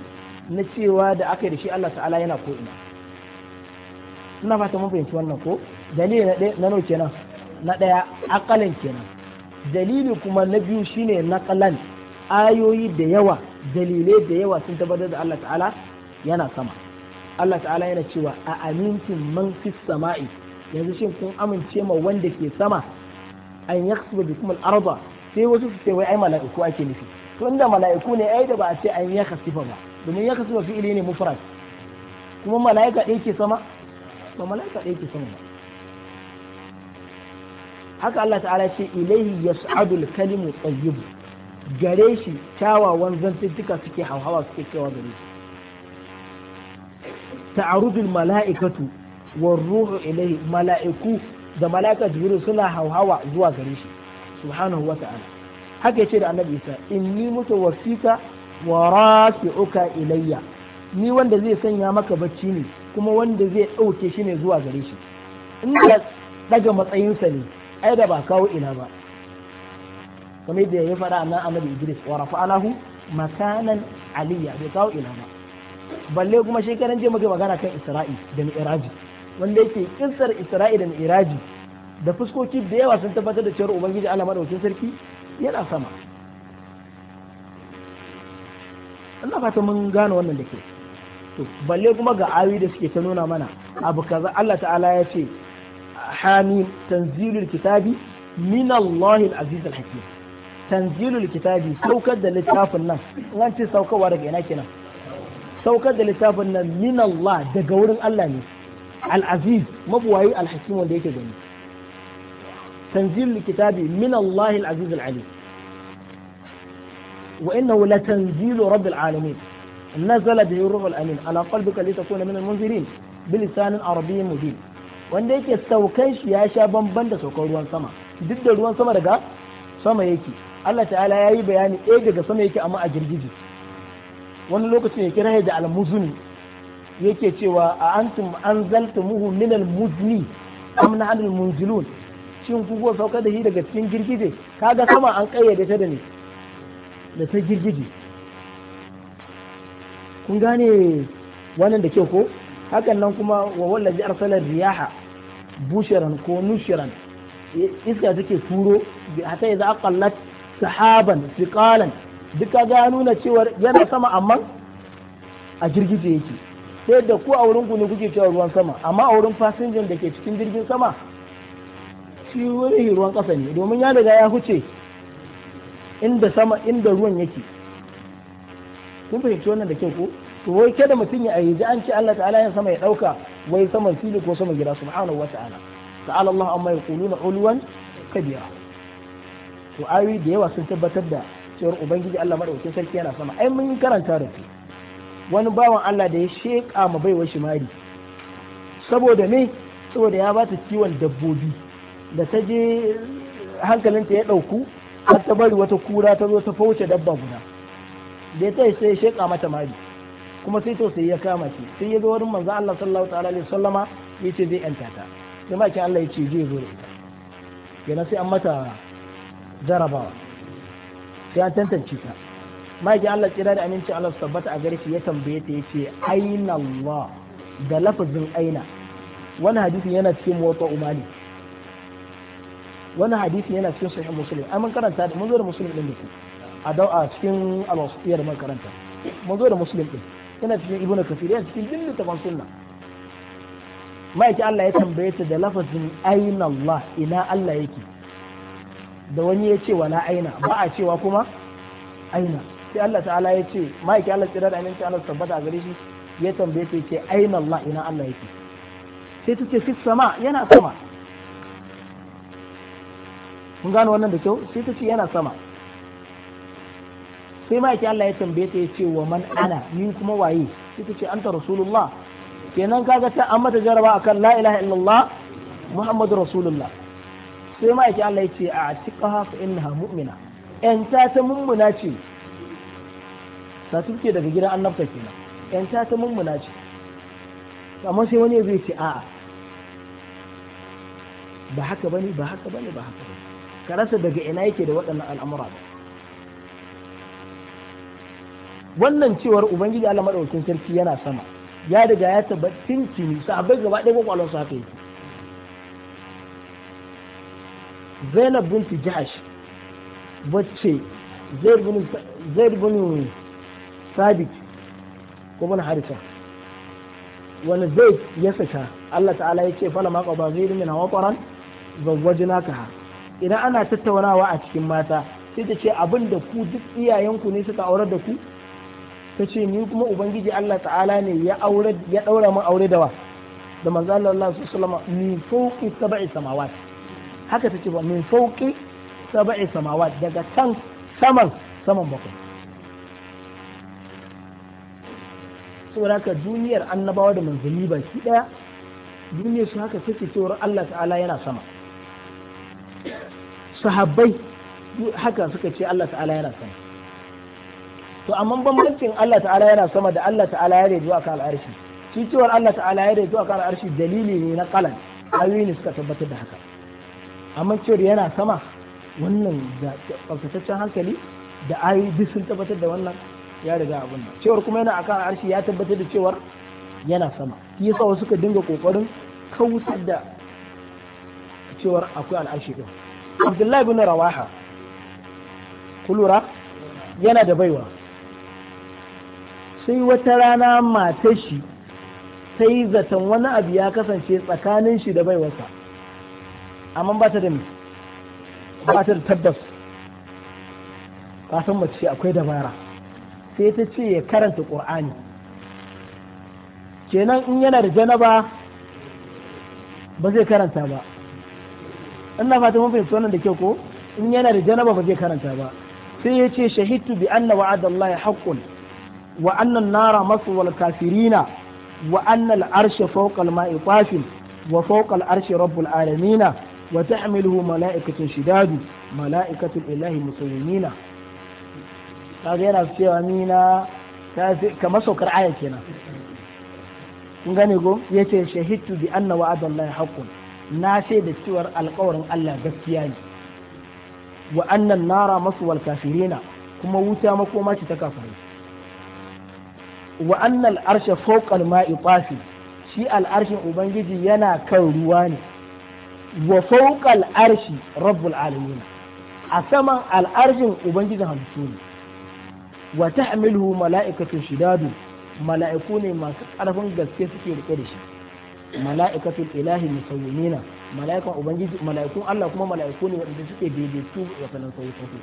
na cewa da aka yi da shi Allah ta'ala yana ko ina ina fata mun fahimci wannan ko dalili na ɗaya nano kenan na ɗaya akalan kenan dalili kuma na biyu shine na kalan ayoyi da yawa dalilai da yawa sun tabbatar da Allah ta'ala yana sama Allah ta'ala yana cewa a amintin man fi sama'i yanzu shin kun amince ma wanda ke sama an yaksuba bikum al-arda sai wasu su ce wai ai mala'iku ake nufi tun da mala'iku ne ai da ba a ce an ya kasifa ba domin ya kasifa fi'ili ne mufrad kuma mala'ika ɗaya ke sama ba mala'ika ɗaya ke sama ba haka Allah ta'ala ce ilaihi yas'adu al-kalimu tayyib gare shi kyawawan zantuttuka suke hauhawa suke cewa gare shi ta'arudul mala'ikatu war ruhu ilaihi mala'iku da mala'ika jibril suna hauhawa zuwa gare shi subhanahu wa ta'ala haka yace da annabi isa inni mutawaffika wa rafi'uka ilayya ni wanda zai sanya maka bacci ne kuma wanda zai dauke shi ne zuwa gare shi in da daga matsayinsa ne ai da ba kawo ina ba kamar da ya faɗa nan annabi idris wa rafa'alahu makanan aliyya bai kawo ina ba balle kuma shekaran je muke magana kan isra'i da mi'raji wanda yake kinsar isra'i da mi'raji da fuskoki da yawa sun tabbatar da cewar ubangiji Allah madaukakin sarki yana sama ina fata mun gane wannan da ke to balle kuma ga ayoyi da suke ta nuna mana abu kaza Allah ta'ala ya ce hamim tanzilul kitabi min Allah al-aziz al-hakim tanzilul kitabi saukar da littafin nan an ce saukarwa daga ina kenan saukar da littafin nan min Allah daga wurin Allah ne al-aziz mabuwayi al-hakim wanda yake gani تنزيل الكتاب من الله العزيز العليم وإنه لتنزيل رب العالمين نزل به الروح الأمين على قلبك لتكون من المنذرين بلسان عربي مبين wanda yake saukan shi ya sha bamban da saukan ruwan sama duk da ruwan sama daga sama yake Allah ta'ala ya yi bayani ɗaya daga sama yake amma a girgiji wani lokacin ya kira da almuzuni yake cewa a antum anzaltumuhu minal muzni am nahnu almunzilun shin ku sauka da shi daga cikin girgije kaga sama an kayyade ta da ne da ta girgije kun gane wannan da ke ko hakan nan kuma wa ji arsalar riyaha bushiran ko nushiran iska take turo hatta idza aqallat sahaban Duk duka ga nuna cewa yana sama amma a girgije yake sai da ku a wurin ku ne kuke cewa ruwan sama amma a wurin fasinjan da ke cikin jirgin sama shi ruwan ƙasa ne domin ya riga ya huce inda sama inda ruwan yake kun fahimci wannan da kyau ko to wai kada mutum ya ayyaji an ce Allah ta'ala ya sama ya dauka wai saman fili ko saman gida subhanahu wa ta'ala ta'ala Allah amma yaquluna uluwan kabira to ayoyi da yawa sun tabbatar da cewar ubangiji Allah madaukakin sarki yana sama ai mun karanta da ku wani bawan Allah da ya sheka ma baiwa shimari saboda me saboda ya bata kiwon dabbobi da ta je hankalinta ya ɗauku har ta bari wata kura ta zo ta fauce dabba guda da ya tashi sai ya sheƙa mata mari kuma sai tausayi ya kama shi sai ya zo wurin manzo Allah sallallahu ta'ala alaihi sallama ya ce zai yanta ta sai ma Allah ya ce zai zo da ita kenan sai an mata jarabawa sai an tantance ta maki Allah tsira da aminci Allah su tabbata a gare shi ya tambaye ta ya ce aina Allah da lafazin aina wani hadisi yana cikin wato umani. wannan hadisi yana cikin sahih muslim ai mun karanta mun zo da muslim din ku a dau a cikin al-wasiyar mun karanta mun zo da muslim din yana cikin ibnu kafir yana cikin dindin taban sunna ma'aiki Allah ya tambaye ta da lafazin aina Allah ina Allah yake da wani ya ce wala aina ba a cewa kuma aina sai Allah ta'ala ya ce ma'aiki Allah tsira da aminci Allah tabbata a gare shi ya tambaye ta ya aina Allah ina Allah yake sai ta ce fi sama yana sama kun gano wannan da kyau sai ta ce yana sama sai ma yake Allah ya tambaye ta ya ce wa man ana ni kuma waye sai ta ce anta rasulullah kenan kaga ta an mata jaraba akan la ilaha illallah muhammadu rasulullah sai ma yake Allah ya ce a tiqaha fa innaha mu'mina yan ta ta mummuna ce ta tuke daga gidan annabta kenan yan ta ta mummuna ce amma sai wani zai ce a'a ba haka bane ba haka bane ba haka bane ka rasa daga ina yake da waɗannan al'amura ba wannan cewar ubangiji Allah maɗaukin sarki yana sama ya daga ya tabbatin tuni sahabbai gaba ɗaya ko su haka Zainab binti Jahash wacce Zaid bin Sabit ko bin Harisa wani zai ya saka Allah ta'ala ya ce fala ba zai yi min hawqaran zawwajnaka idan ana tattaunawa a cikin mata sai ta ce abin da ku duk iyayenku ne suka aurar da ku ta ce ni kuma ubangiji Allah ta'ala ne ya aure ya daura min aure da wa da manzo Allah sallallahu alaihi wasallam min fawqi sab'i samawat haka ta ce ba min fawqi sab'i samawat daga kan saman saman bakwai saboda haka duniyar annabawa da manzanni shi daya duniyar su haka take cewa Allah ta'ala yana sama sahabbai haka suka ce Allah ta'ala yana sama to amma bambancin Allah ta'ala yana sama da Allah ta'ala ya rejo akan al'arshi shi cewa Allah ta'ala ya rejo akan al'arshi dalili ne na kalan ayoyi suka tabbatar da haka amma cewa yana sama wannan da tsaftataccen hankali da ayi duk sun tabbatar da wannan ya riga abin nan cewa kuma yana akan al'arshi ya tabbatar da cewa yana sama yasa wasu suka dinga kokarin kawusar da cewar akwai al'ashi ɗin abdullahi bin rawaha kulura yana da baiwa sai wata rana matar shi ta yi zaton wani abu ya kasance tsakanin shi da baiwarsa amma ba ta da ba ta da tabbas san mace akwai dabara sai ta ce ya karanta ƙur'ani kenan in yana da janaba ba zai karanta ba ina fata mun fahimci wannan da kyau ko in yana da janaba ba zai karanta ba sai ya ce shahidtu bi anna wa'ada Allah haqqun wa anna an-nara maswal kafirina wa anna al-arsha fawqa al-ma'i wa fawqa al-arshi rabbul alamin wa tahmiluhu mala'ikatun shidadu mala'ikatul ilahi musulmina kaga yana cewa mina ka saukar aya kenan kun gane ko yace shahidtu bi anna wa'ada Allah haqqun na da cewar alkawarin Allah gaskiya ne wa annan nara masu kafirina kuma wuta makoma ce ta kafirai wa annal arsha fawqal ma'i tafi shi al'arshin ubangiji yana kan ruwa ne wa fawqal arshi rabbul alamin a saman al'arshin ubangijin hamsu ne wa tahmiluhu mala'ikatu shidadu mala'iku ne masu ƙarfin gaske suke rike da shi mala'ikatul ilahi musawwimina mala'ikan ubangiji mala'ikun Allah kuma mala'iku ne waɗanda suke daidaitu da sanan sauyi sauyi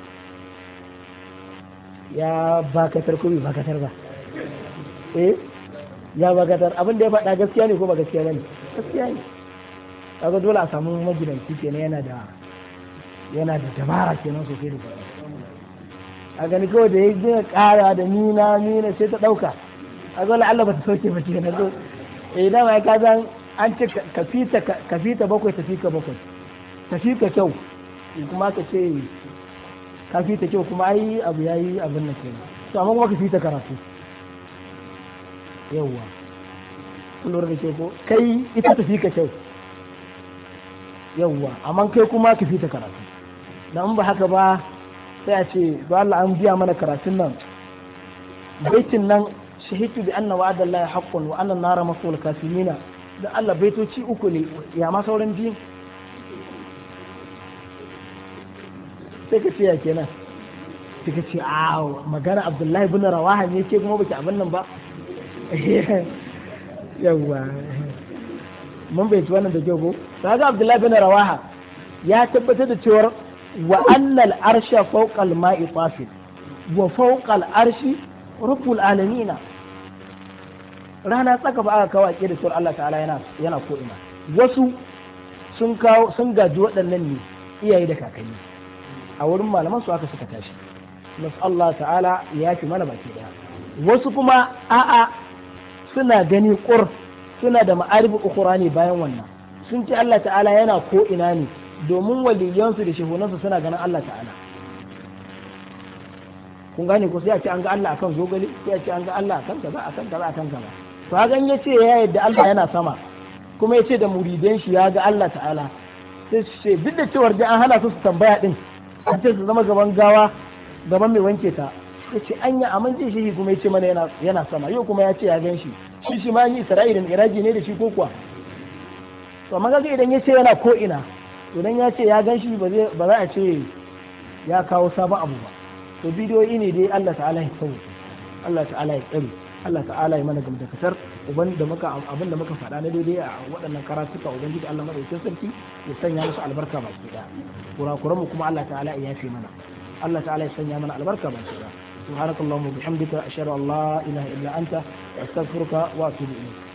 ya bakatar ko bai bakatar ba eh ya bakatar abin da ya faɗa gaskiya ne ko ba gaskiya bane gaskiya ne kaga dole a samu magidanci kenan yana da yana da dabara kenan sosai da a gani kawai da ya gina ƙara da ni nina sai ta ɗauka a zo Allah ba ta sauke ba kenan zo eh dama ya kazan an ce ka fita bakwai tafi ka bakwai tafi ka kyau kuma ka ce ka fita kyau kuma ai abu yi abin na kenan to amma kuma ka fita karatu yawwa kun lura da ke ko kai ita tafi ka kyau yawwa amma kai kuma ka fita karatu dan ba haka ba sai a ce ba Allah an biya mana karatun nan baitin nan shahidu bi anna wa'adallahi haqqun wa anna nara masul kafirina da Allah baitoci uku ne ya ma sauran biyu sai ka siya kenan sai ka ce awo magana abdullahi bin rawaha ne ke kuma baki abin nan ba yawwa mun bai ci wannan da kyau ko ga abdullahi bin rawaha ya tabbatar da cewar wa annal arsha fawqa al-ma'i wa fawqa al-arshi rabbul alamin rana tsaka ba aka kawo a da cewar Allah ta'ala yana yana ko ina wasu sun kawo sun gaji waɗannan ne iyaye da kakanni a wurin malaman su aka suka tashi nas Allah ta'ala ya fi mana baki daya wasu kuma a'a suna gani qur suna da ma'arifu ukhra ne bayan wannan sun ce Allah ta'ala yana ko ina ne domin su da shehunansu suna ganin Allah ta'ala kun gane ko sai a ce an ga Allah akan zogale sai a ce an ga Allah akan kaza akan kaza akan kaza fagan ya ce ya yadda Allah yana sama kuma ya ce da muridan shi ya ga Allah ta'ala sai su ce duk da cewar dai an hana su su tambaya din a ce su zama gaban gawa gaban mai wanke ta ya ce anya mun zai shi kuma ya ce mana yana sama yau kuma ya ce ya gan shi shi shi ma yi isra'ilin iragi ne da shi ko kuwa to amma ga idan ya ce yana ko ina to dan ya ce ya gan shi ba za a ce ya kawo sabon abu ba to bidiyoyi ne dai Allah ta'ala ya kawo Allah ta'ala ya tsare Allah ta'ala ya mana gamdakatar uban abin da muka faɗa na daidai a waɗannan karatuka ubangiji Allah madaukakin sarki ya sanya musu albarka ba su da mu kuma Allah ta'ala ya yafe mana Allah ta'ala ya sanya mana albarka ba baki daya subhanakallahumma bihamdika ashhadu an la ilaha illa anta astaghfiruka wa atubu ilayk